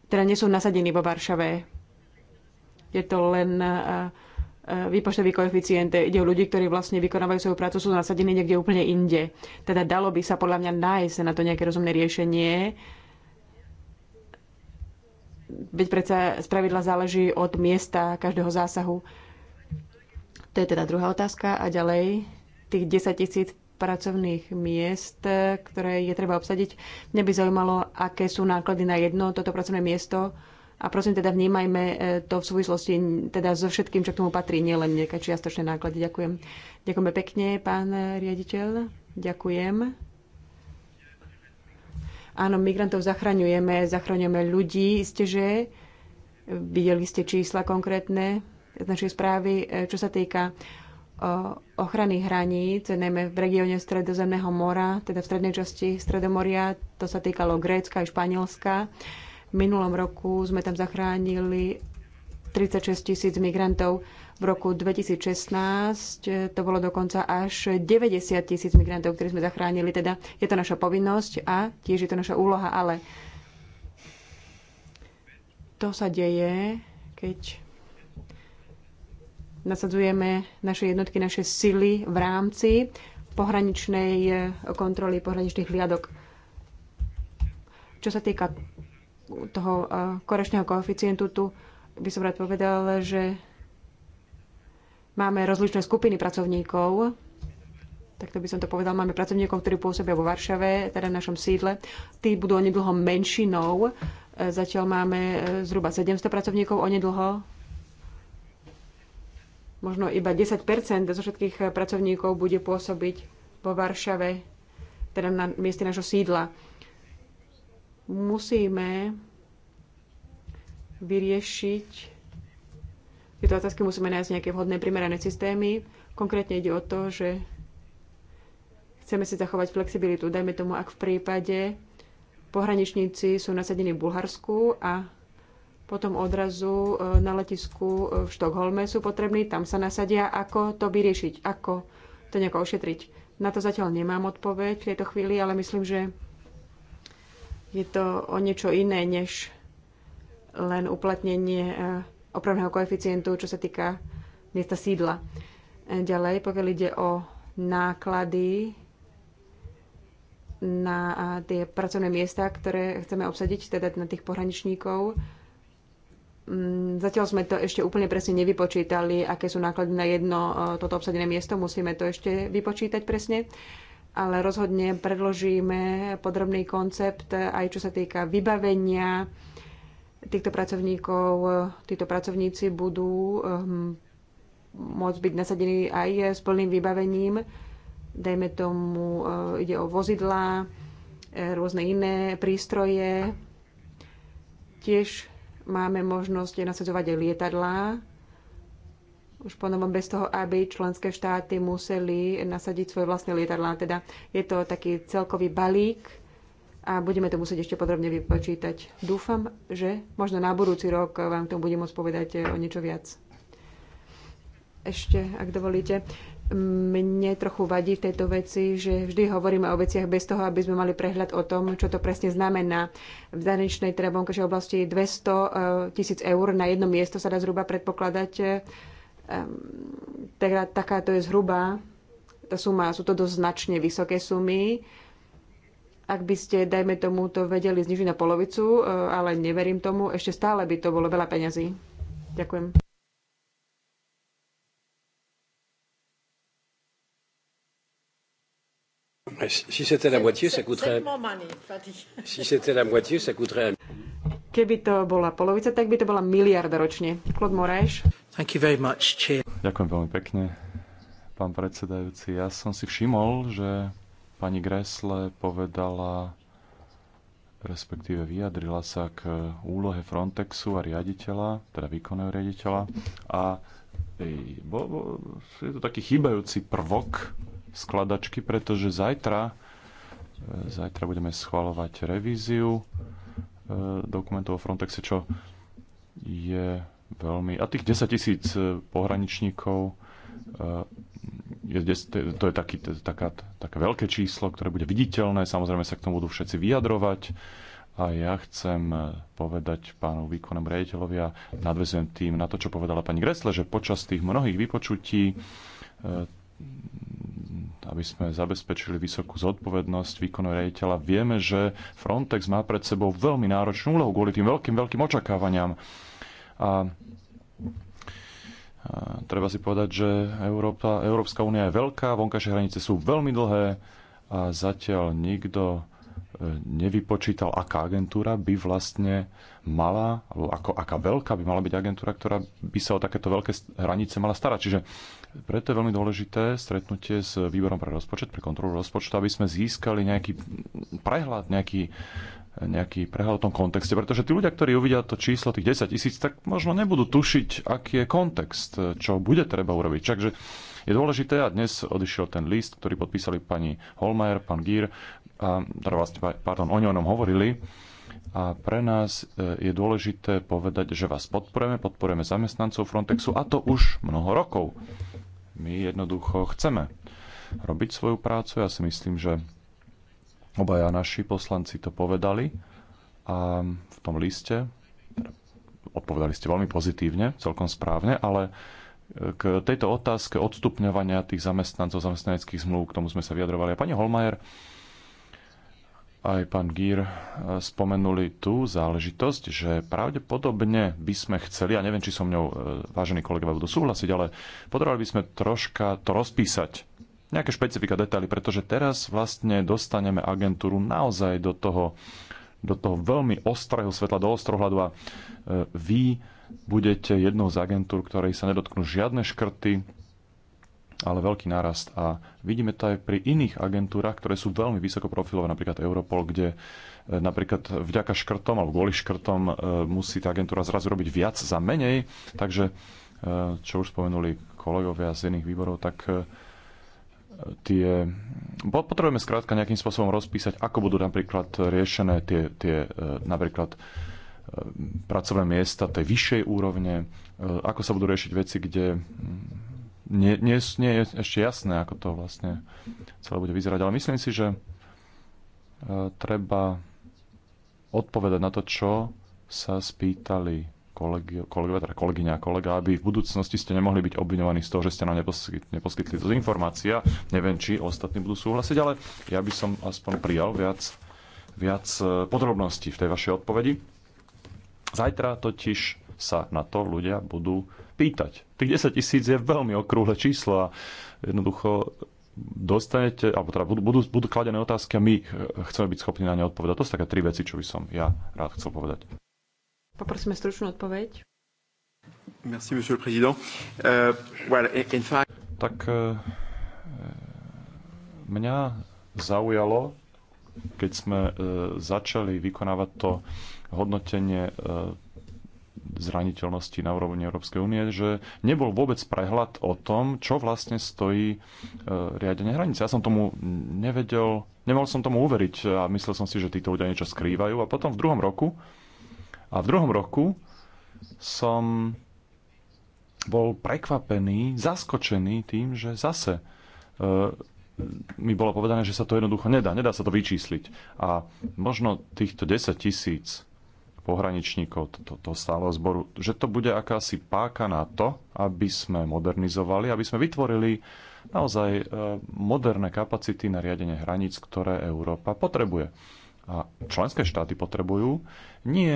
teda nie sú nasadení vo Varšave. Je to len uh, výpočtový koeficient. Ide o ľudí, ktorí vlastne vykonávajú svoju prácu, sú nasadení niekde úplne inde. Teda dalo by sa podľa mňa nájsť na to nejaké rozumné riešenie. Veď predsa spravidla záleží od miesta každého zásahu. To je teda druhá otázka. A ďalej, tých 10 tisíc pracovných miest, ktoré je treba obsadiť. Mne by zaujímalo, aké sú náklady na jedno toto pracovné miesto a prosím teda vnímajme e, to v súvislosti teda so všetkým, čo k tomu patrí, nielen nejaké čiastočné náklady. Ďakujem. Ďakujeme pekne, pán riaditeľ. Ďakujem. Áno, migrantov zachraňujeme, zachraňujeme ľudí, steže, že videli ste čísla konkrétne z našej správy, e, čo sa týka e, ochrany hraníc, najmä v regióne Stredozemného mora, teda v strednej časti Stredomoria, to sa týkalo Grécka a Španielska. V minulom roku sme tam zachránili 36 tisíc migrantov. V roku 2016 eh, to bolo dokonca až 90 tisíc migrantov, ktorí sme zachránili. Teda je to naša povinnosť a tiež je to naša úloha, ale to sa deje, keď nasadzujeme naše jednotky, naše sily v rámci pohraničnej eh, kontroly, pohraničných hliadok. Čo sa týka toho eh, korečného koeficientu, tu by som rád povedal, že máme rozličné skupiny pracovníkov, takto by som to povedal, máme pracovníkov, ktorí pôsobia vo Varšave, teda v našom sídle. Tí budú onedlho menšinou. Eh, zatiaľ máme eh, zhruba 700 pracovníkov onedlho. Možno iba 10 zo všetkých pracovníkov bude pôsobiť vo Varšave, teda na mieste našho sídla musíme vyriešiť tieto otázky, musíme nájsť nejaké vhodné, primerané systémy. Konkrétne ide o to, že chceme si zachovať flexibilitu. Dajme tomu, ak v prípade pohraničníci sú nasadení v Bulharsku a potom odrazu e, na letisku e, v Štokholme sú potrební, tam sa nasadia. Ako to vyriešiť? Ako to nejako ošetriť? Na to zatiaľ nemám odpoveď v tejto chvíli, ale myslím, že je to o niečo iné, než len uplatnenie e, opravného koeficientu, čo sa týka miesta sídla. E, ďalej, pokiaľ ide o náklady na e, tie pracovné miesta, ktoré chceme obsadiť, teda na tých pohraničníkov, mm, Zatiaľ sme to ešte úplne presne nevypočítali, aké sú náklady na jedno toto obsadené miesto. Musíme to ešte vypočítať presne ale rozhodne predložíme podrobný koncept aj čo sa týka vybavenia týchto pracovníkov. Títo pracovníci budú ehm, môcť byť nasadení aj s plným vybavením. Dajme tomu, eh, ide o vozidlá, eh, rôzne iné prístroje. Tiež máme možnosť nasadzovať aj lietadlá, už ponovom bez toho, aby členské štáty museli nasadiť svoje vlastné lietadlá. Teda je to taký celkový balík a budeme to musieť ešte podrobne vypočítať. Dúfam, že možno na budúci rok vám k tomu budem môcť povedať eh, o niečo viac. Ešte, ak dovolíte. Mne trochu vadí v tejto veci, že vždy hovoríme o veciach bez toho, aby sme mali prehľad o tom, čo to presne znamená. V zahraničnej teda vonkajšej oblasti 200 eh, tisíc eur na jedno miesto sa dá zhruba predpokladať eh, teda taká to je zhruba tá suma, sú to dosť značne vysoké sumy. Ak by ste, dajme tomu, to vedeli znižiť na polovicu, e, ale neverím tomu, ešte stále by to bolo veľa peňazí. Ďakujem. Si c'était la moitié, ça coûterait. Si c'était la moitié, ça coûterait. Keby to bola polovica, tak by to bola miliarda ročne. Klod Morajš. Ďakujem veľmi pekne, pán predsedajúci. Ja som si všimol, že pani Gressle povedala, respektíve vyjadrila sa k úlohe Frontexu a riaditeľa, teda výkonného riaditeľa. A ej, bo, bo, je to taký chýbajúci prvok skladačky, pretože zajtra, e, zajtra budeme schvalovať revíziu Eh, dokumentov o Frontexe, čo je veľmi... A tých 10 tisíc eh, pohraničníkov eh, je, to je taký, taká, také veľké číslo, ktoré bude viditeľné. Samozrejme sa k tomu budú všetci vyjadrovať. A ja chcem povedať pánu výkonnému rejiteľovi a nadvezujem tým na to, čo povedala pani Gresle, že počas tých mnohých vypočutí aby sme zabezpečili vysokú zodpovednosť výkonu rejiteľa. Vieme, že Frontex má pred sebou veľmi náročnú úlohu kvôli tým veľkým, veľkým očakávaniam. A treba si povedať, že Európa, Európska únia je veľká, vonkajšie hranice sú veľmi dlhé a zatiaľ nikto e, nevypočítal, aká agentúra by vlastne mala, alebo ako, aká veľká by mala byť agentúra, ktorá by sa o takéto veľké hranice mala starať. Čiže preto je veľmi dôležité stretnutie s výborom pre rozpočet, pre kontrolu rozpočtu, aby sme získali nejaký prehľad, nejaký, nejaký prehľad o tom kontexte. Pretože tí ľudia, ktorí uvidia to číslo tých 10 tisíc, tak možno nebudú tušiť, aký je kontext, čo bude treba urobiť. Takže je dôležité, a dnes odišiel ten list, ktorý podpísali pani Holmeier, pán Gír, a, teda vlastne, pardon, oni o ňom hovorili, a pre nás e, je dôležité povedať, že vás podporujeme, podporujeme zamestnancov Frontexu a to už mnoho rokov. My jednoducho chceme robiť svoju prácu. Ja si myslím, že obaja naši poslanci to povedali a v tom liste teda odpovedali ste veľmi pozitívne, celkom správne, ale e, k tejto otázke odstupňovania tých zamestnancov, zamestnaneckých zmluv, k tomu sme sa vyjadrovali. A pani Holmajer aj pán Gír eh, spomenuli tú záležitosť, že pravdepodobne by sme chceli, a neviem, či som ňou eh, vážení kolegovia budú súhlasiť, ale potrebovali by sme troška to rozpísať. Nejaké špecifika, detaily, pretože teraz vlastne dostaneme agentúru naozaj do toho, do toho veľmi ostrého svetla, do ostrohľadu a eh, vy budete jednou z agentúr, ktorej sa nedotknú žiadne škrty, ale veľký nárast. A vidíme to aj pri iných agentúrach, ktoré sú veľmi vysoko profilové, napríklad Europol, kde e, napríklad vďaka škrtom alebo kvôli škrtom e, musí tá agentúra zrazu robiť viac za menej. Takže, e, čo už spomenuli kolegovia z iných výborov, tak tie... Potrebujeme skrátka nejakým spôsobom rozpísať, ako budú napríklad riešené tie, tie napríklad pracovné miesta tej vyššej úrovne, ako sa budú riešiť veci, kde nie, nie, nie je ešte jasné, ako to vlastne celé bude vyzerať. Ale myslím si, že e, treba odpovedať na to, čo sa spýtali kolegovia, teda kolegyňa a kolega, aby v budúcnosti ste nemohli byť obviňovaní z toho, že ste nám neposkytli, neposkytli to informácia. Neviem, či ostatní budú súhlasiť, ale ja by som aspoň prijal viac, viac e, podrobností v tej vašej odpovedi. Zajtra totiž sa na to ľudia budú pýtať. Tých 10 tisíc je veľmi okrúhle číslo a jednoducho dostanete, alebo teda budú, budú, budú kladené otázky a my eh, chceme byť schopní na ne odpovedať. To sú také tri veci, čo by som ja rád chcel povedať. Poprosíme stručnú odpoveď. Merci, monsieur le président. Uh, well, in fact... Tak uh, mňa zaujalo, keď sme uh, začali vykonávať to hodnotenie uh, zraniteľnosti na úrovni Európskej únie, že nebol vôbec prehľad o tom, čo vlastne stojí e, riadenie hranice. Ja som tomu nevedel, nemohol som tomu uveriť a myslel som si, že títo ľudia niečo skrývajú. A potom v druhom roku, a v druhom roku som bol prekvapený, zaskočený tým, že zase e, mi bolo povedané, že sa to jednoducho nedá, nedá sa to vyčísliť. A možno týchto 10 tisíc pohraničníkov, to, to, stáleho zboru, že to bude akási páka na to, aby sme modernizovali, aby sme vytvorili naozaj e, moderné kapacity na riadenie hraníc, ktoré Európa potrebuje. A členské štáty potrebujú nie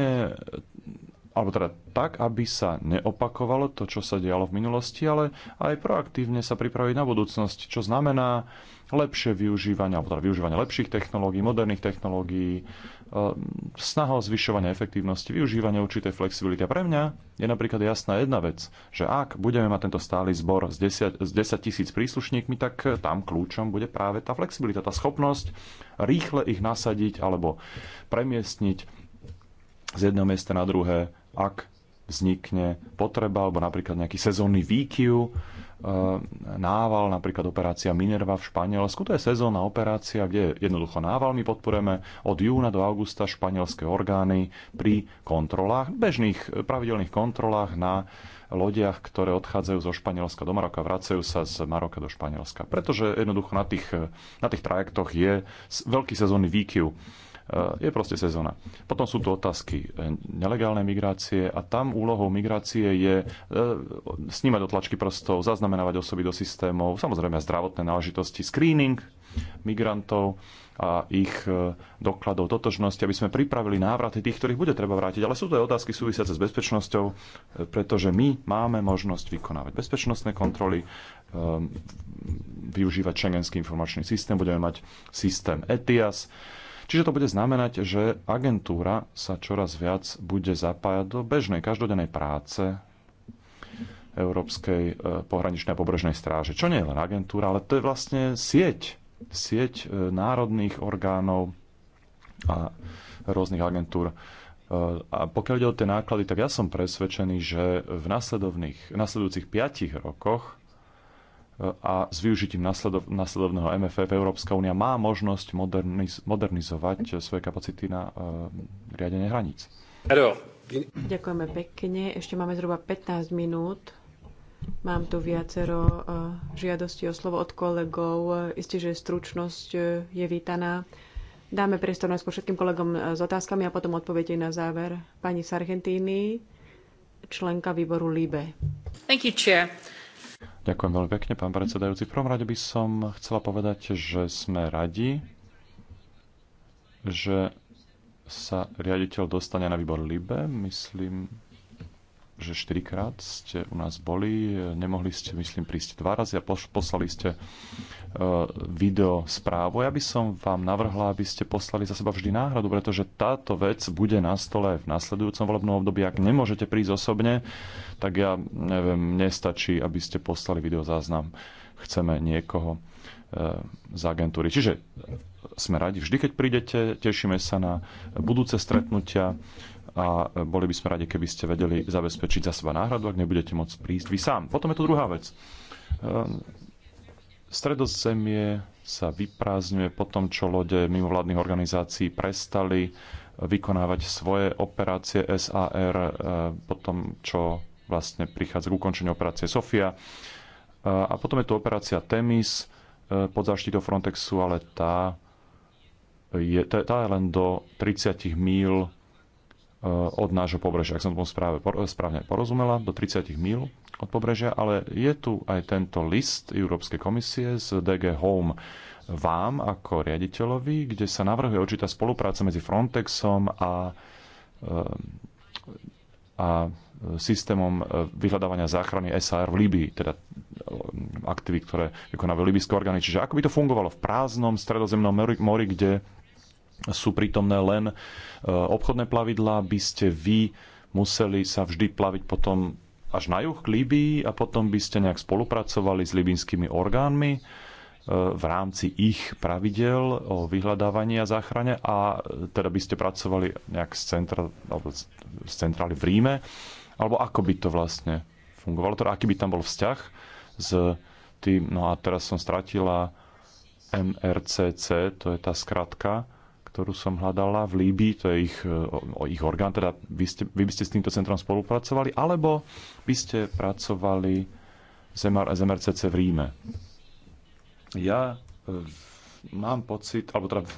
alebo teda tak, aby sa neopakovalo to, čo sa dialo v minulosti, ale aj proaktívne sa pripraviť na budúcnosť, čo znamená lepšie využívanie, alebo teda využívanie lepších technológií, moderných technológií, e, snaha o zvyšovanie efektívnosti, využívanie určitej flexibility. A pre mňa je napríklad jasná jedna vec, že ak budeme mať tento stály zbor s 10 tisíc príslušníkmi, tak e, tam kľúčom bude práve tá flexibilita, tá schopnosť rýchle ich nasadiť alebo premiestniť z jedného miesta na druhé, ak vznikne potreba alebo napríklad nejaký sezónny výkyv, E, nával, napríklad operácia Minerva v Španielsku. To je sezónna operácia, kde jednoducho nával my podporujeme od júna do augusta španielské orgány pri kontrolách, bežných pravidelných kontrolách na lodiach, ktoré odchádzajú zo Španielska do Maroka, vracajú sa z Maroka do Španielska. Pretože jednoducho na tých, na tých trajektoch je veľký sezónny výkyv Eh, je proste sezóna. Potom sú tu otázky eh, nelegálnej migrácie a tam úlohou migrácie je eh, snímať otlačky prstov, zaznamenávať osoby do systémov, samozrejme zdravotné náležitosti, screening migrantov a ich dokladov totožnosti, aby sme pripravili návraty tých, ktorých bude treba vrátiť. Ale sú to aj otázky súvisiace s bezpečnosťou, pretože my máme možnosť vykonávať bezpečnostné kontroly, využívať šengenský informačný systém, budeme mať systém ETIAS, Čiže to bude znamenať, že agentúra sa čoraz viac bude zapájať do bežnej každodennej práce Európskej e, pohraničnej a pobrežnej stráže. Čo nie je len agentúra, ale to je vlastne sieť. Sieť e, národných orgánov a rôznych agentúr. E, a pokiaľ ide o tie náklady, tak ja som presvedčený, že v nasledovných, nasledujúcich 5 rokoch a s využitím následovného MFF Európska únia má možnosť moderniz, modernizovať svoje kapacity na uh, riadenie hraníc. Ďakujeme pekne. Ešte máme zhruba 15 minút. Mám tu viacero uh, žiadosti o slovo od kolegov. Isté, že stručnosť uh, je vítaná. Dáme priestor nás po všetkým kolegom uh, s otázkami a potom odpoviete na záver. Pani Sargentini, členka výboru LIBE. Thank you, chair. Ďakujem veľmi pekne, pán predsedajúci. V prvom rade by som chcela povedať, že sme radi, že sa riaditeľ dostane na výbor LIBE. Myslím, že štyrikrát ste u nás boli, nemohli ste, myslím, prísť dva razy a poslali ste e, video správu. Ja by som vám navrhla, aby ste poslali za seba vždy náhradu, pretože táto vec bude na stole v nasledujúcom volebnom období. Ak nemôžete prísť osobne, tak ja neviem, nestačí, aby ste poslali videozáznam. Chceme niekoho e, z agentúry. Čiže sme radi vždy, keď prídete, tešíme sa na budúce stretnutia a boli by sme radi, keby ste vedeli zabezpečiť za seba náhradu, ak nebudete môcť prísť vy sám. Potom je to druhá vec. Ehm, Stredozemie sa vyprázdňuje po tom, čo lode mimovládnych organizácií prestali vykonávať svoje operácie SAR e, po tom, čo vlastne prichádza k ukončeniu operácie Sofia. E, a potom je tu operácia Temis e, pod záštitou Frontexu, ale tá je, tá je len do 30 míl Eh, od nášho pobrežia, ak som tomu správe, eh, správne porozumela, do 30 mil od pobrežia, ale je tu aj tento list Európskej komisie z DG Home vám ako riaditeľovi, kde sa navrhuje určitá spolupráca medzi Frontexom a, eh, a systémom vyhľadávania záchrany SAR v Libii, teda aktivy, ktoré vykonávajú libijské orgány. Čiže ako by to fungovalo v prázdnom stredozemnom mori, kde sú prítomné len e, obchodné plavidlá, by ste vy museli sa vždy plaviť potom až na juh k Líbii a potom by ste nejak spolupracovali s libýnskymi orgánmi e, v rámci ich pravidel o vyhľadávaní a záchrane a e, teda by ste pracovali nejak z, centra, alebo z centrály v Ríme, alebo ako by to vlastne fungovalo, teda aký by tam bol vzťah s tým, no a teraz som stratila MRCC, to je tá skratka, ktorú som hľadala v Líbii, to je ich, e, o, ich orgán, teda vy, ste, vy by ste s týmto centrom spolupracovali, alebo by ste pracovali z MRCC v Ríme. Ja e, mám pocit, alebo teda e,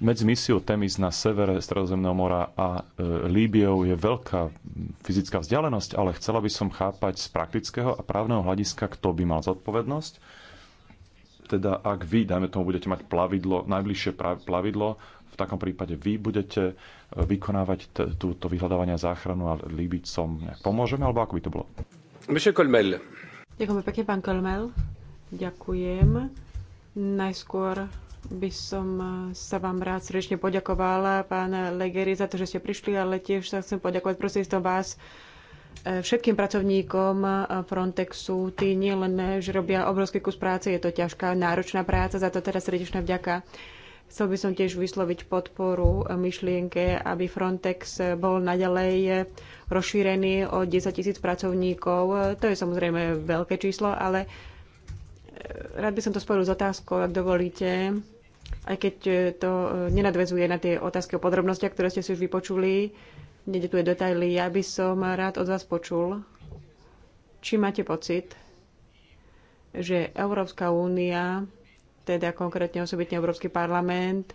medzi misiou Temis na severe Stredozemného mora a e, Líbiou je veľká fyzická vzdialenosť, ale chcela by som chápať z praktického a právneho hľadiska, kto by mal zodpovednosť teda ak vy, dajme tomu, budete mať plavidlo, najbližšie plavidlo, v takom prípade vy budete e, vykonávať túto vyhľadávanie záchranu a Líbicom pomôžeme, alebo ako by to bolo? Monsieur Kolmel. Ďakujem pekne, pán Kolmel. Ďakujem. Najskôr by som e, sa vám rád srdečne poďakovala, pán Legery, za to, že ste prišli, ale tiež sa chcem poďakovať prostredstvom vás E, všetkým pracovníkom e, Frontexu. Tí nielen, e, že robia obrovský kus práce, je to ťažká, náročná práca, za to teda srdečná vďaka. Chcel by som tiež vysloviť podporu myšlienke, aby Frontex bol naďalej rozšírený o 10 tisíc pracovníkov. To je samozrejme veľké číslo, ale rád by som to spojil s otázkou, ak dovolíte, aj keď to nenadvezuje na tie otázky o podrobnostiach, ktoré ste si už vypočuli Nede tu je detaily. Ja by som rád od vás počul, či máte pocit, že Európska únia, teda konkrétne osobitne Európsky parlament,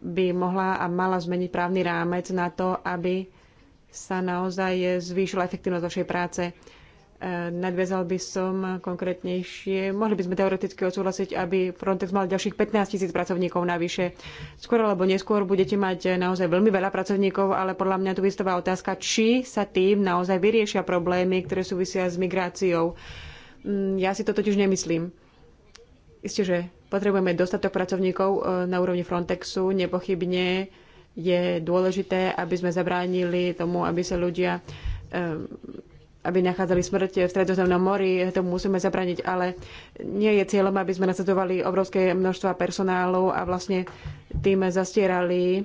by mohla a mala zmeniť právny rámec na to, aby sa naozaj zvýšila efektivnosť vašej práce. Nadviazal by som konkrétnejšie. Mohli by sme teoreticky odsúhlasiť, aby Frontex mal ďalších 15 tisíc pracovníkov navyše. Skôr alebo neskôr budete mať naozaj veľmi veľa pracovníkov, ale podľa mňa tu vystáva otázka, či sa tým naozaj vyriešia problémy, ktoré súvisia s migráciou. Mm, ja si to totiž nemyslím. Isté, že potrebujeme dostatok pracovníkov e, na úrovni Frontexu, nepochybne je dôležité, aby sme zabránili tomu, aby sa ľudia e, aby nachádzali smrť v Stredozemnom mori, tomu musíme zabraniť, ale nie je cieľom, aby sme nasadzovali obrovské množstva personálu a vlastne tým zastierali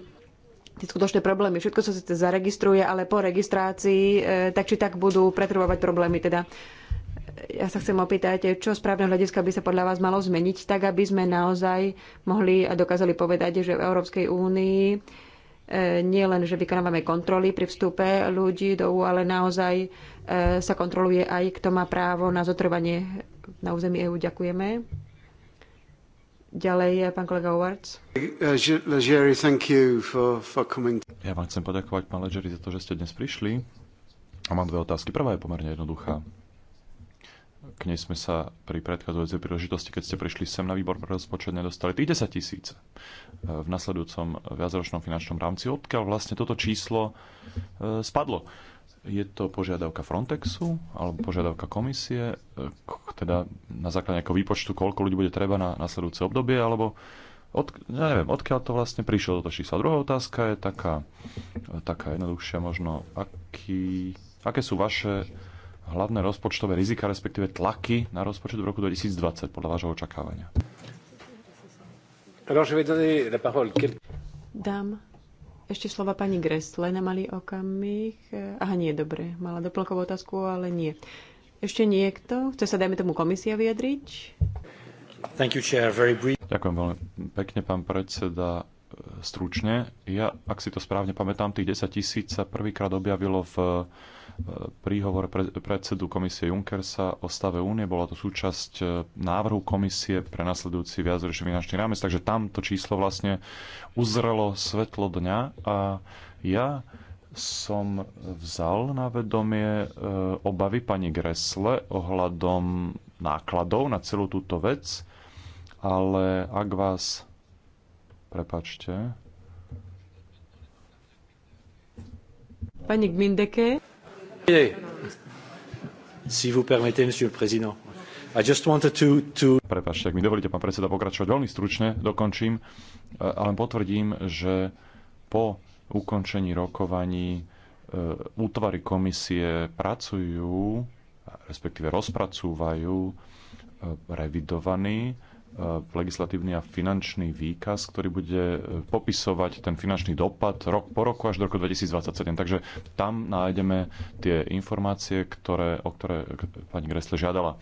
tie skutočné problémy. Všetko sa sice zaregistruje, ale po registrácii e, tak či tak budú pretrvovať problémy. Teda e, ja sa chcem opýtať, e, čo správne hľadiska by sa podľa vás malo zmeniť, tak aby sme naozaj mohli a dokázali povedať, že v Európskej únii nie len, že vykonávame kontroly pri vstupe ľudí do EU, ale naozaj e, sa kontroluje aj, kto má právo na zotrvanie na území EU. Ďakujeme. Ďalej je pán kolega Howards. Ja vám chcem poďakovať, pán Legeri, za to, že ste dnes prišli. A mám dve otázky. Prvá je pomerne jednoduchá k nej sme sa pri predchádzajúcej príležitosti, keď ste prišli sem na výbor pre rozpočet, nedostali tých 10 tisíc e, v nasledujúcom viacročnom finančnom rámci. Odkiaľ vlastne toto číslo e, spadlo? Je to požiadavka Frontexu alebo požiadavka komisie, e, teda na základe nejakého výpočtu, koľko ľudí bude treba na nasledujúce obdobie, alebo od, ja neviem, odkiaľ to vlastne prišlo toto číslo. Druhá otázka je taká, taká jednoduchšia možno, aký, aké sú vaše hlavné rozpočtové rizika, respektíve tlaky na rozpočet v roku 2020 podľa vášho očakávania? Dám ešte slova pani Gressle na malý okamih. Aha, nie, dobre. Mala doplnkovú otázku, ale nie. Ešte niekto? Chce sa, dajme tomu, komisia vyjadriť? Thank you, chair. Very brief. Ďakujem veľmi pekne, pán predseda stručne. Ja, ak si to správne pamätám, tých 10 tisíc sa prvýkrát objavilo v príhovor predsedu komisie Junkersa o stave únie. Bola to súčasť e, návrhu komisie pre nasledujúci viacročný finančný rámec, takže tam to číslo vlastne uzrelo svetlo dňa a ja som vzal na vedomie e, obavy pani Gresle ohľadom nákladov na celú túto vec, ale ak vás... Prepačte. Pani Gmindeke. Si vous permettez, monsieur le président. I just wanted to, to... ak mi dovolíte, pán predseda, pokračovať veľmi stručne, dokončím, e, ale potvrdím, že po ukončení rokovaní e, útvary komisie pracujú, respektíve rozpracúvajú e, revidovaný E, legislatívny a finančný výkaz, ktorý bude e, popisovať ten finančný dopad rok po roku až do roku 2027. Takže tam nájdeme tie informácie, ktoré, o ktoré pani Gresle žiadala.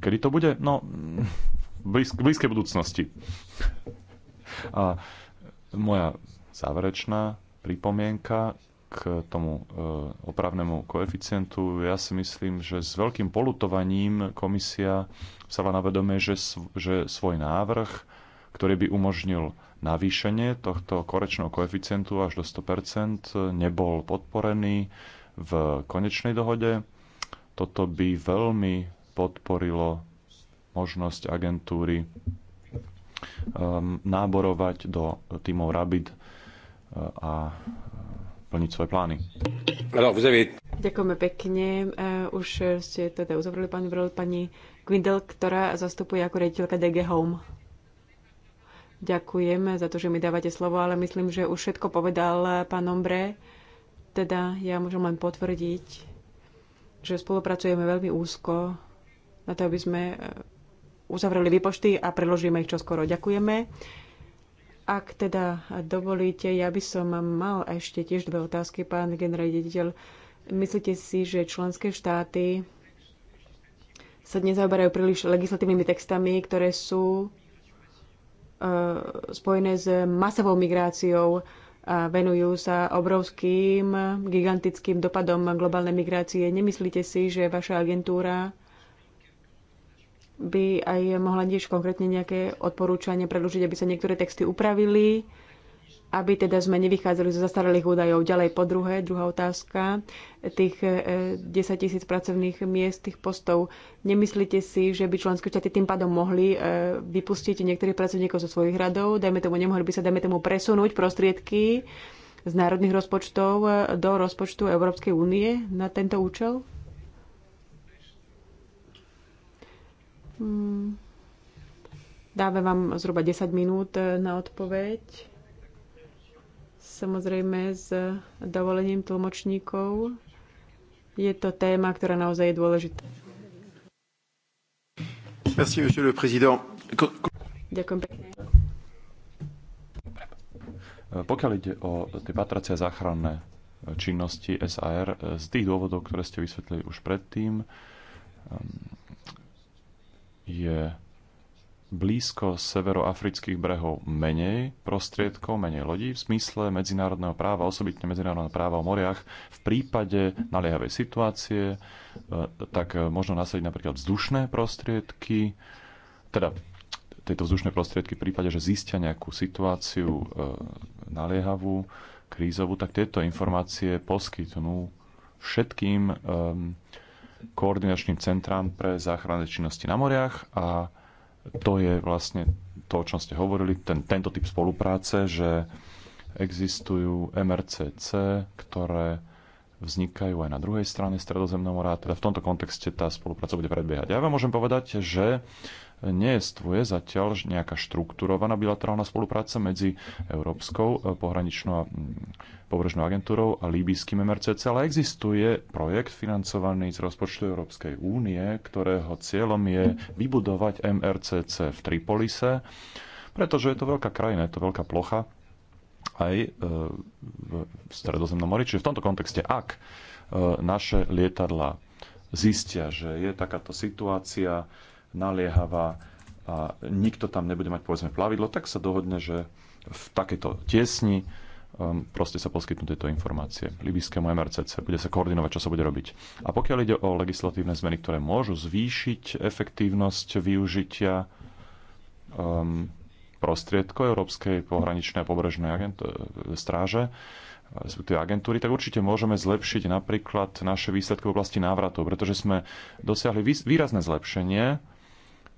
Kedy to bude? No, v blízk, blízkej budúcnosti. A moja záverečná pripomienka k tomu e, opravnému koeficientu. Ja si myslím, že s veľkým polutovaním komisia vzala na vedomie, že, že svoj návrh, ktorý by umožnil navýšenie tohto korečného koeficientu až do 100%, nebol podporený v konečnej dohode. Toto by veľmi podporilo možnosť agentúry e, náborovať do tímov Rabid e, a plniť svoje plány. Ďakujeme pekne. E, už ste teda uzavreli pani Vrl, pani Quindel, ktorá zastupuje ako rediteľka DG Home. Ďakujem za to, že mi dávate slovo, ale myslím, že už všetko povedal pán Ombre. Teda ja môžem len potvrdiť, že spolupracujeme veľmi úzko na to, aby sme e, uzavreli výpočty a preložíme ich čoskoro. Ďakujeme. Ak teda dovolíte, ja by som mal ešte tiež dve otázky, pán generál dediteľ. Myslíte si, že členské štáty sa nezaoberajú príliš legislatívnymi textami, ktoré sú e, spojené s masovou migráciou a venujú sa obrovským, gigantickým dopadom globálnej migrácie. Nemyslíte si, že vaša agentúra by aj mohla tiež konkrétne nejaké odporúčanie predložiť, aby sa niektoré texty upravili, aby teda sme nevychádzali zo zastaralých údajov. Ďalej po druhé, druhá otázka, tých 10 eh, tisíc pracovných miest, tých postov. Nemyslíte si, že by členské štáty tým pádom mohli eh, vypustiť niektorých pracovníkov zo svojich radov? Dajme tomu, nemohli by sa, dajme tomu, presunúť prostriedky z národných rozpočtov eh, do rozpočtu Európskej únie na tento účel? Hmm. Dáme vám zhruba 10 minút eh, na odpoveď. Samozrejme s dovolením tlmočníkov. Je to téma, ktorá naozaj je dôležitá. Merci, monsieur le président. Ďakujem pekne. Eh, pokiaľ ide o tie patracie záchranné eh, činnosti SAR, z tých dôvodov, ktoré ste vysvetlili už predtým, ehm, je blízko severoafrických brehov menej prostriedkov, menej lodí v smysle medzinárodného práva, osobitne medzinárodného práva o moriach. V prípade naliehavej situácie e, tak možno nasadiť napríklad vzdušné prostriedky, teda tieto vzdušné prostriedky v prípade, že zistia nejakú situáciu e, naliehavú, krízovú, tak tieto informácie poskytnú všetkým um, koordinačným centrám pre záchranné činnosti na moriach a to je vlastne to, o čom ste hovorili, ten, tento typ spolupráce, že existujú MRCC, ktoré vznikajú aj na druhej strane Stredozemného mora, teda v tomto kontexte tá spolupráca bude predbiehať. Ja vám môžem povedať, že neestvuje zatiaľ nejaká štrukturovaná bilaterálna spolupráca medzi Európskou e, pohraničnou a mm, pobrežnou agentúrou a líbyským MRCC, ale existuje projekt financovaný z rozpočtu Európskej únie, ktorého cieľom je vybudovať MRCC v Tripolise, pretože je to veľká krajina, je to veľká plocha aj e, v Stredozemnom mori. Čiže v tomto kontexte, ak e, naše lietadla zistia, že je takáto situácia, naliehavá a nikto tam nebude mať povedzme plavidlo, tak sa dohodne, že v takejto tiesni um, proste sa poskytnú tieto informácie libyskému MRCC, bude sa koordinovať, čo sa bude robiť. A pokiaľ ide o legislatívne zmeny, ktoré môžu zvýšiť efektívnosť využitia um, prostriedkov Európskej pohraničnej a pobrežnej agent- stráže, e, agentúry, tak určite môžeme zlepšiť napríklad naše výsledky v oblasti návratov, pretože sme dosiahli výrazné zlepšenie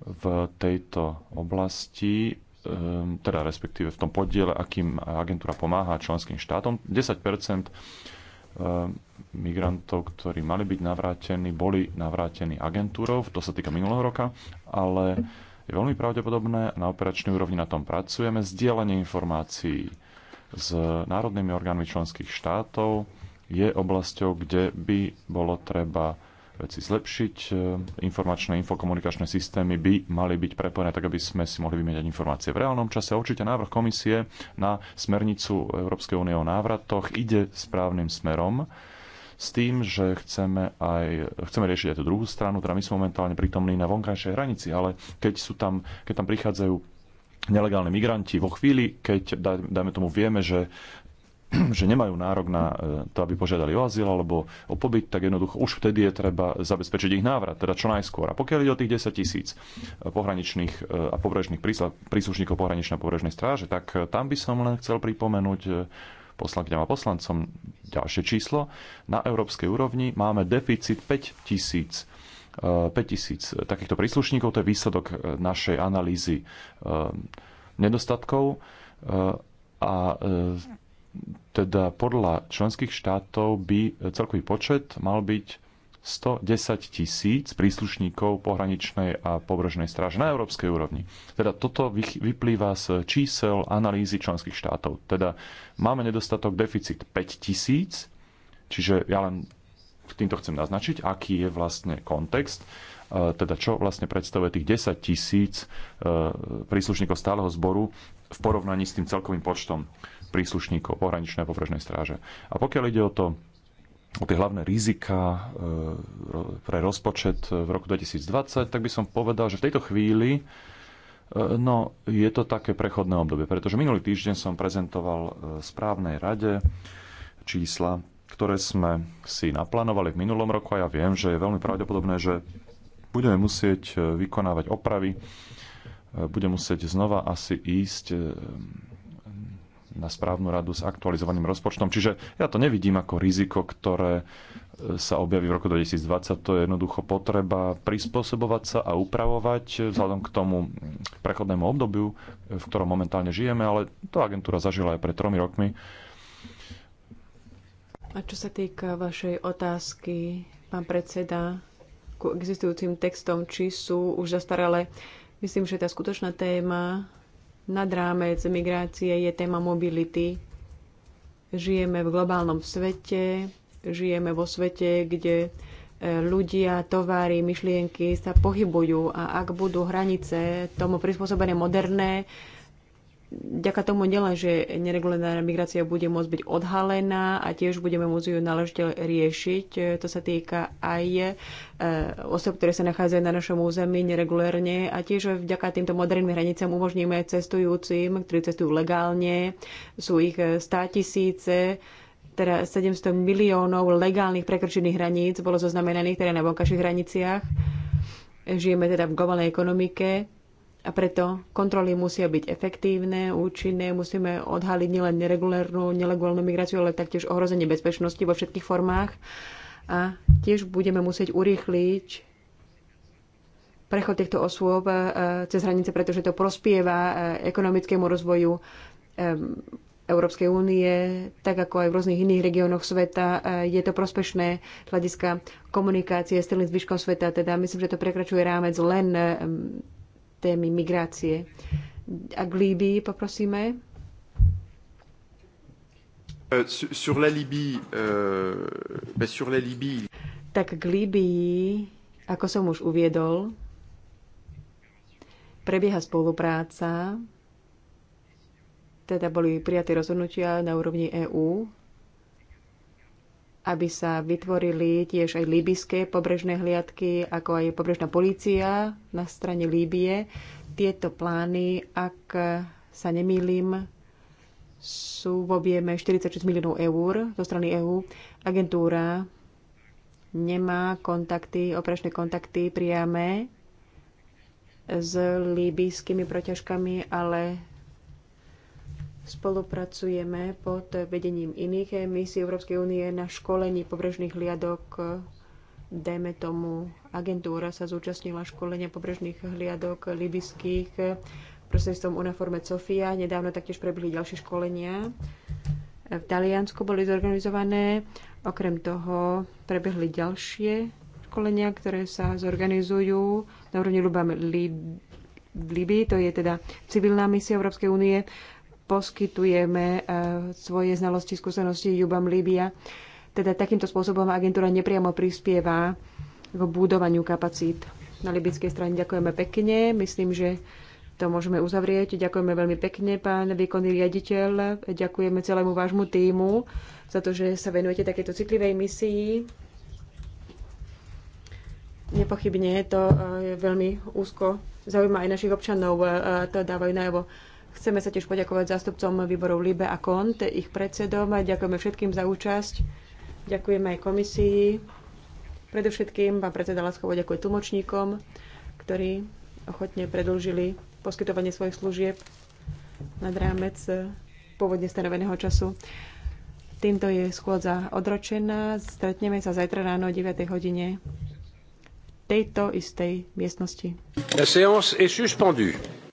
v tejto oblasti, ehm, teda respektíve v tom podiele, akým agentúra pomáha členským štátom. 10 ehm, migrantov, ktorí mali byť navrátení, boli navrátení agentúrou, to sa týka minulého roka, ale je veľmi pravdepodobné, na operačnej úrovni na tom pracujeme, zdieľanie informácií s národnými orgánmi členských štátov je oblasťou, kde by bolo treba veci zlepšiť. E, informačné, infokomunikačné systémy by mali byť prepojené tak, aby sme si mohli vymieňať informácie v reálnom čase. Určite návrh komisie na smernicu Európskej únie o návratoch ide správnym smerom s tým, že chceme, aj, chceme riešiť aj tú druhú stranu, teda my sme momentálne prítomní na vonkajšej hranici, ale keď, sú tam, keď tam prichádzajú nelegálni migranti vo chvíli, keď, dajme tomu, vieme, že [clears throat] že nemajú nárok na e, to, aby požiadali o azyl alebo o pobyt, tak jednoducho už vtedy je treba zabezpečiť ich návrat, teda čo najskôr. A pokiaľ ide o tých 10 tisíc e, pohraničných e, a pobrežných príslušníkov pohraničnej a pobrežnej stráže, tak tam by som len chcel pripomenúť poslankyňam a poslancom ďalšie číslo. Na európskej úrovni máme deficit 5 tisíc 5 tisíc takýchto príslušníkov, to je výsledok našej analýzy nedostatkov a teda podľa členských štátov by celkový počet mal byť 110 tisíc príslušníkov pohraničnej a pobrežnej stráže na európskej úrovni. Teda toto vyplýva z čísel analýzy členských štátov. Teda máme nedostatok deficit 5 tisíc, čiže ja len týmto chcem naznačiť, aký je vlastne kontext, e, teda čo vlastne predstavuje tých 10 tisíc e, príslušníkov stáleho zboru v porovnaní s tým celkovým počtom príslušníkov pohraničnej a pobrežnej stráže. A pokiaľ ide o to, o tie hlavné rizika e, pre rozpočet e, v roku 2020, tak by som povedal, že v tejto chvíli e, no, je to také prechodné obdobie, pretože minulý týždeň som prezentoval správnej rade čísla, ktoré sme si naplánovali v minulom roku a ja viem, že je veľmi pravdepodobné, že budeme musieť vykonávať opravy, budeme musieť znova asi ísť na správnu radu s aktualizovaným rozpočtom. Čiže ja to nevidím ako riziko, ktoré e, sa objaví v roku 2020. To je jednoducho potreba prispôsobovať sa a upravovať vzhľadom k tomu prechodnému obdobiu, v ktorom momentálne žijeme, ale to agentúra zažila aj pred tromi rokmi. A čo sa týka vašej otázky, pán predseda, ku existujúcim textom, či sú už zastaralé, myslím, že tá skutočná téma nad rámec migrácie je téma mobility. Žijeme v globálnom svete, žijeme vo svete, kde e, ľudia, továry, myšlienky sa pohybujú a ak budú hranice tomu prispôsobené moderné, Ďaka tomu nielen, že neregulárna migrácia bude môcť byť odhalená a tiež budeme môcť ju náležite riešiť. To sa týka aj e, osob, ktoré sa nachádzajú na našom území neregulérne a tiež vďaka týmto moderným hranicám umožníme cestujúcim, ktorí cestujú legálne, sú ich 100 tisíce, teda 700 miliónov legálnych prekročených hraníc bolo zoznamenaných teda na vonkajších hraniciach. Žijeme teda v globálnej ekonomike, a preto kontroly musia byť efektívne, účinné, musíme odhaliť nielen neregulárnu, nelegálnu migráciu, ale taktiež ohrozenie bezpečnosti vo všetkých formách. A tiež budeme musieť urýchliť prechod týchto osôb e, cez hranice, pretože to prospieva e, ekonomickému rozvoju e, Európskej únie, tak ako aj v rôznych iných regiónoch sveta. Je to prospešné hľadiska komunikácie s celým zvyškom sveta. Teda myslím, že to prekračuje rámec len témy migrácie. A k Líbii poprosíme. Euh, sur la Libye, euh, ben sur la Libye. Tak k Líbii, ako som už uviedol, prebieha spolupráca, teda boli prijaté rozhodnutia na úrovni EÚ aby sa vytvorili tiež aj líbyské pobrežné hliadky, ako aj pobrežná polícia na strane Líbie. Tieto plány, ak sa nemýlim, sú v objeme 46 miliónov eur zo strany EÚ. Agentúra nemá kontakty, operačné kontakty priame s líbyskými proťažkami, ale Spolupracujeme pod vedením iných misií Európskej únie na školení pobrežných hliadok. Dajme tomu, agentúra sa zúčastnila školenia pobrežných hliadok libyských prostredstvom uniforme Sofia. Nedávno taktiež prebehli ďalšie školenia. V Taliansku boli zorganizované. Okrem toho prebehli ďalšie školenia, ktoré sa zorganizujú na úrovni Lubam Lib v Libii, to je teda civilná misia Európskej únie poskytujeme e, svoje znalosti, skúsenosti Jubam Líbia. Teda takýmto spôsobom agentúra nepriamo prispieva k budovaniu kapacít na libyckej strane. Ďakujeme pekne. Myslím, že to môžeme uzavrieť. Ďakujeme veľmi pekne, pán výkonný riaditeľ. Ďakujeme celému vášmu týmu za to, že sa venujete takéto citlivej misii. Nepochybne to je veľmi úzko zaujíma aj našich občanov. E, e, to dávajú najavo Chceme sa tiež poďakovať zástupcom výborov LIBE a KONT, ich predsedom. Ďakujeme všetkým za účasť. Ďakujeme aj komisii. Predovšetkým pán predseda Laskovo ďakuje tlmočníkom, ktorí ochotne predlžili poskytovanie svojich služieb nad rámec pôvodne stanoveného času. Týmto je schôdza odročená. Stretneme sa zajtra ráno o 9. hodine v tejto istej miestnosti. La séance est suspendue.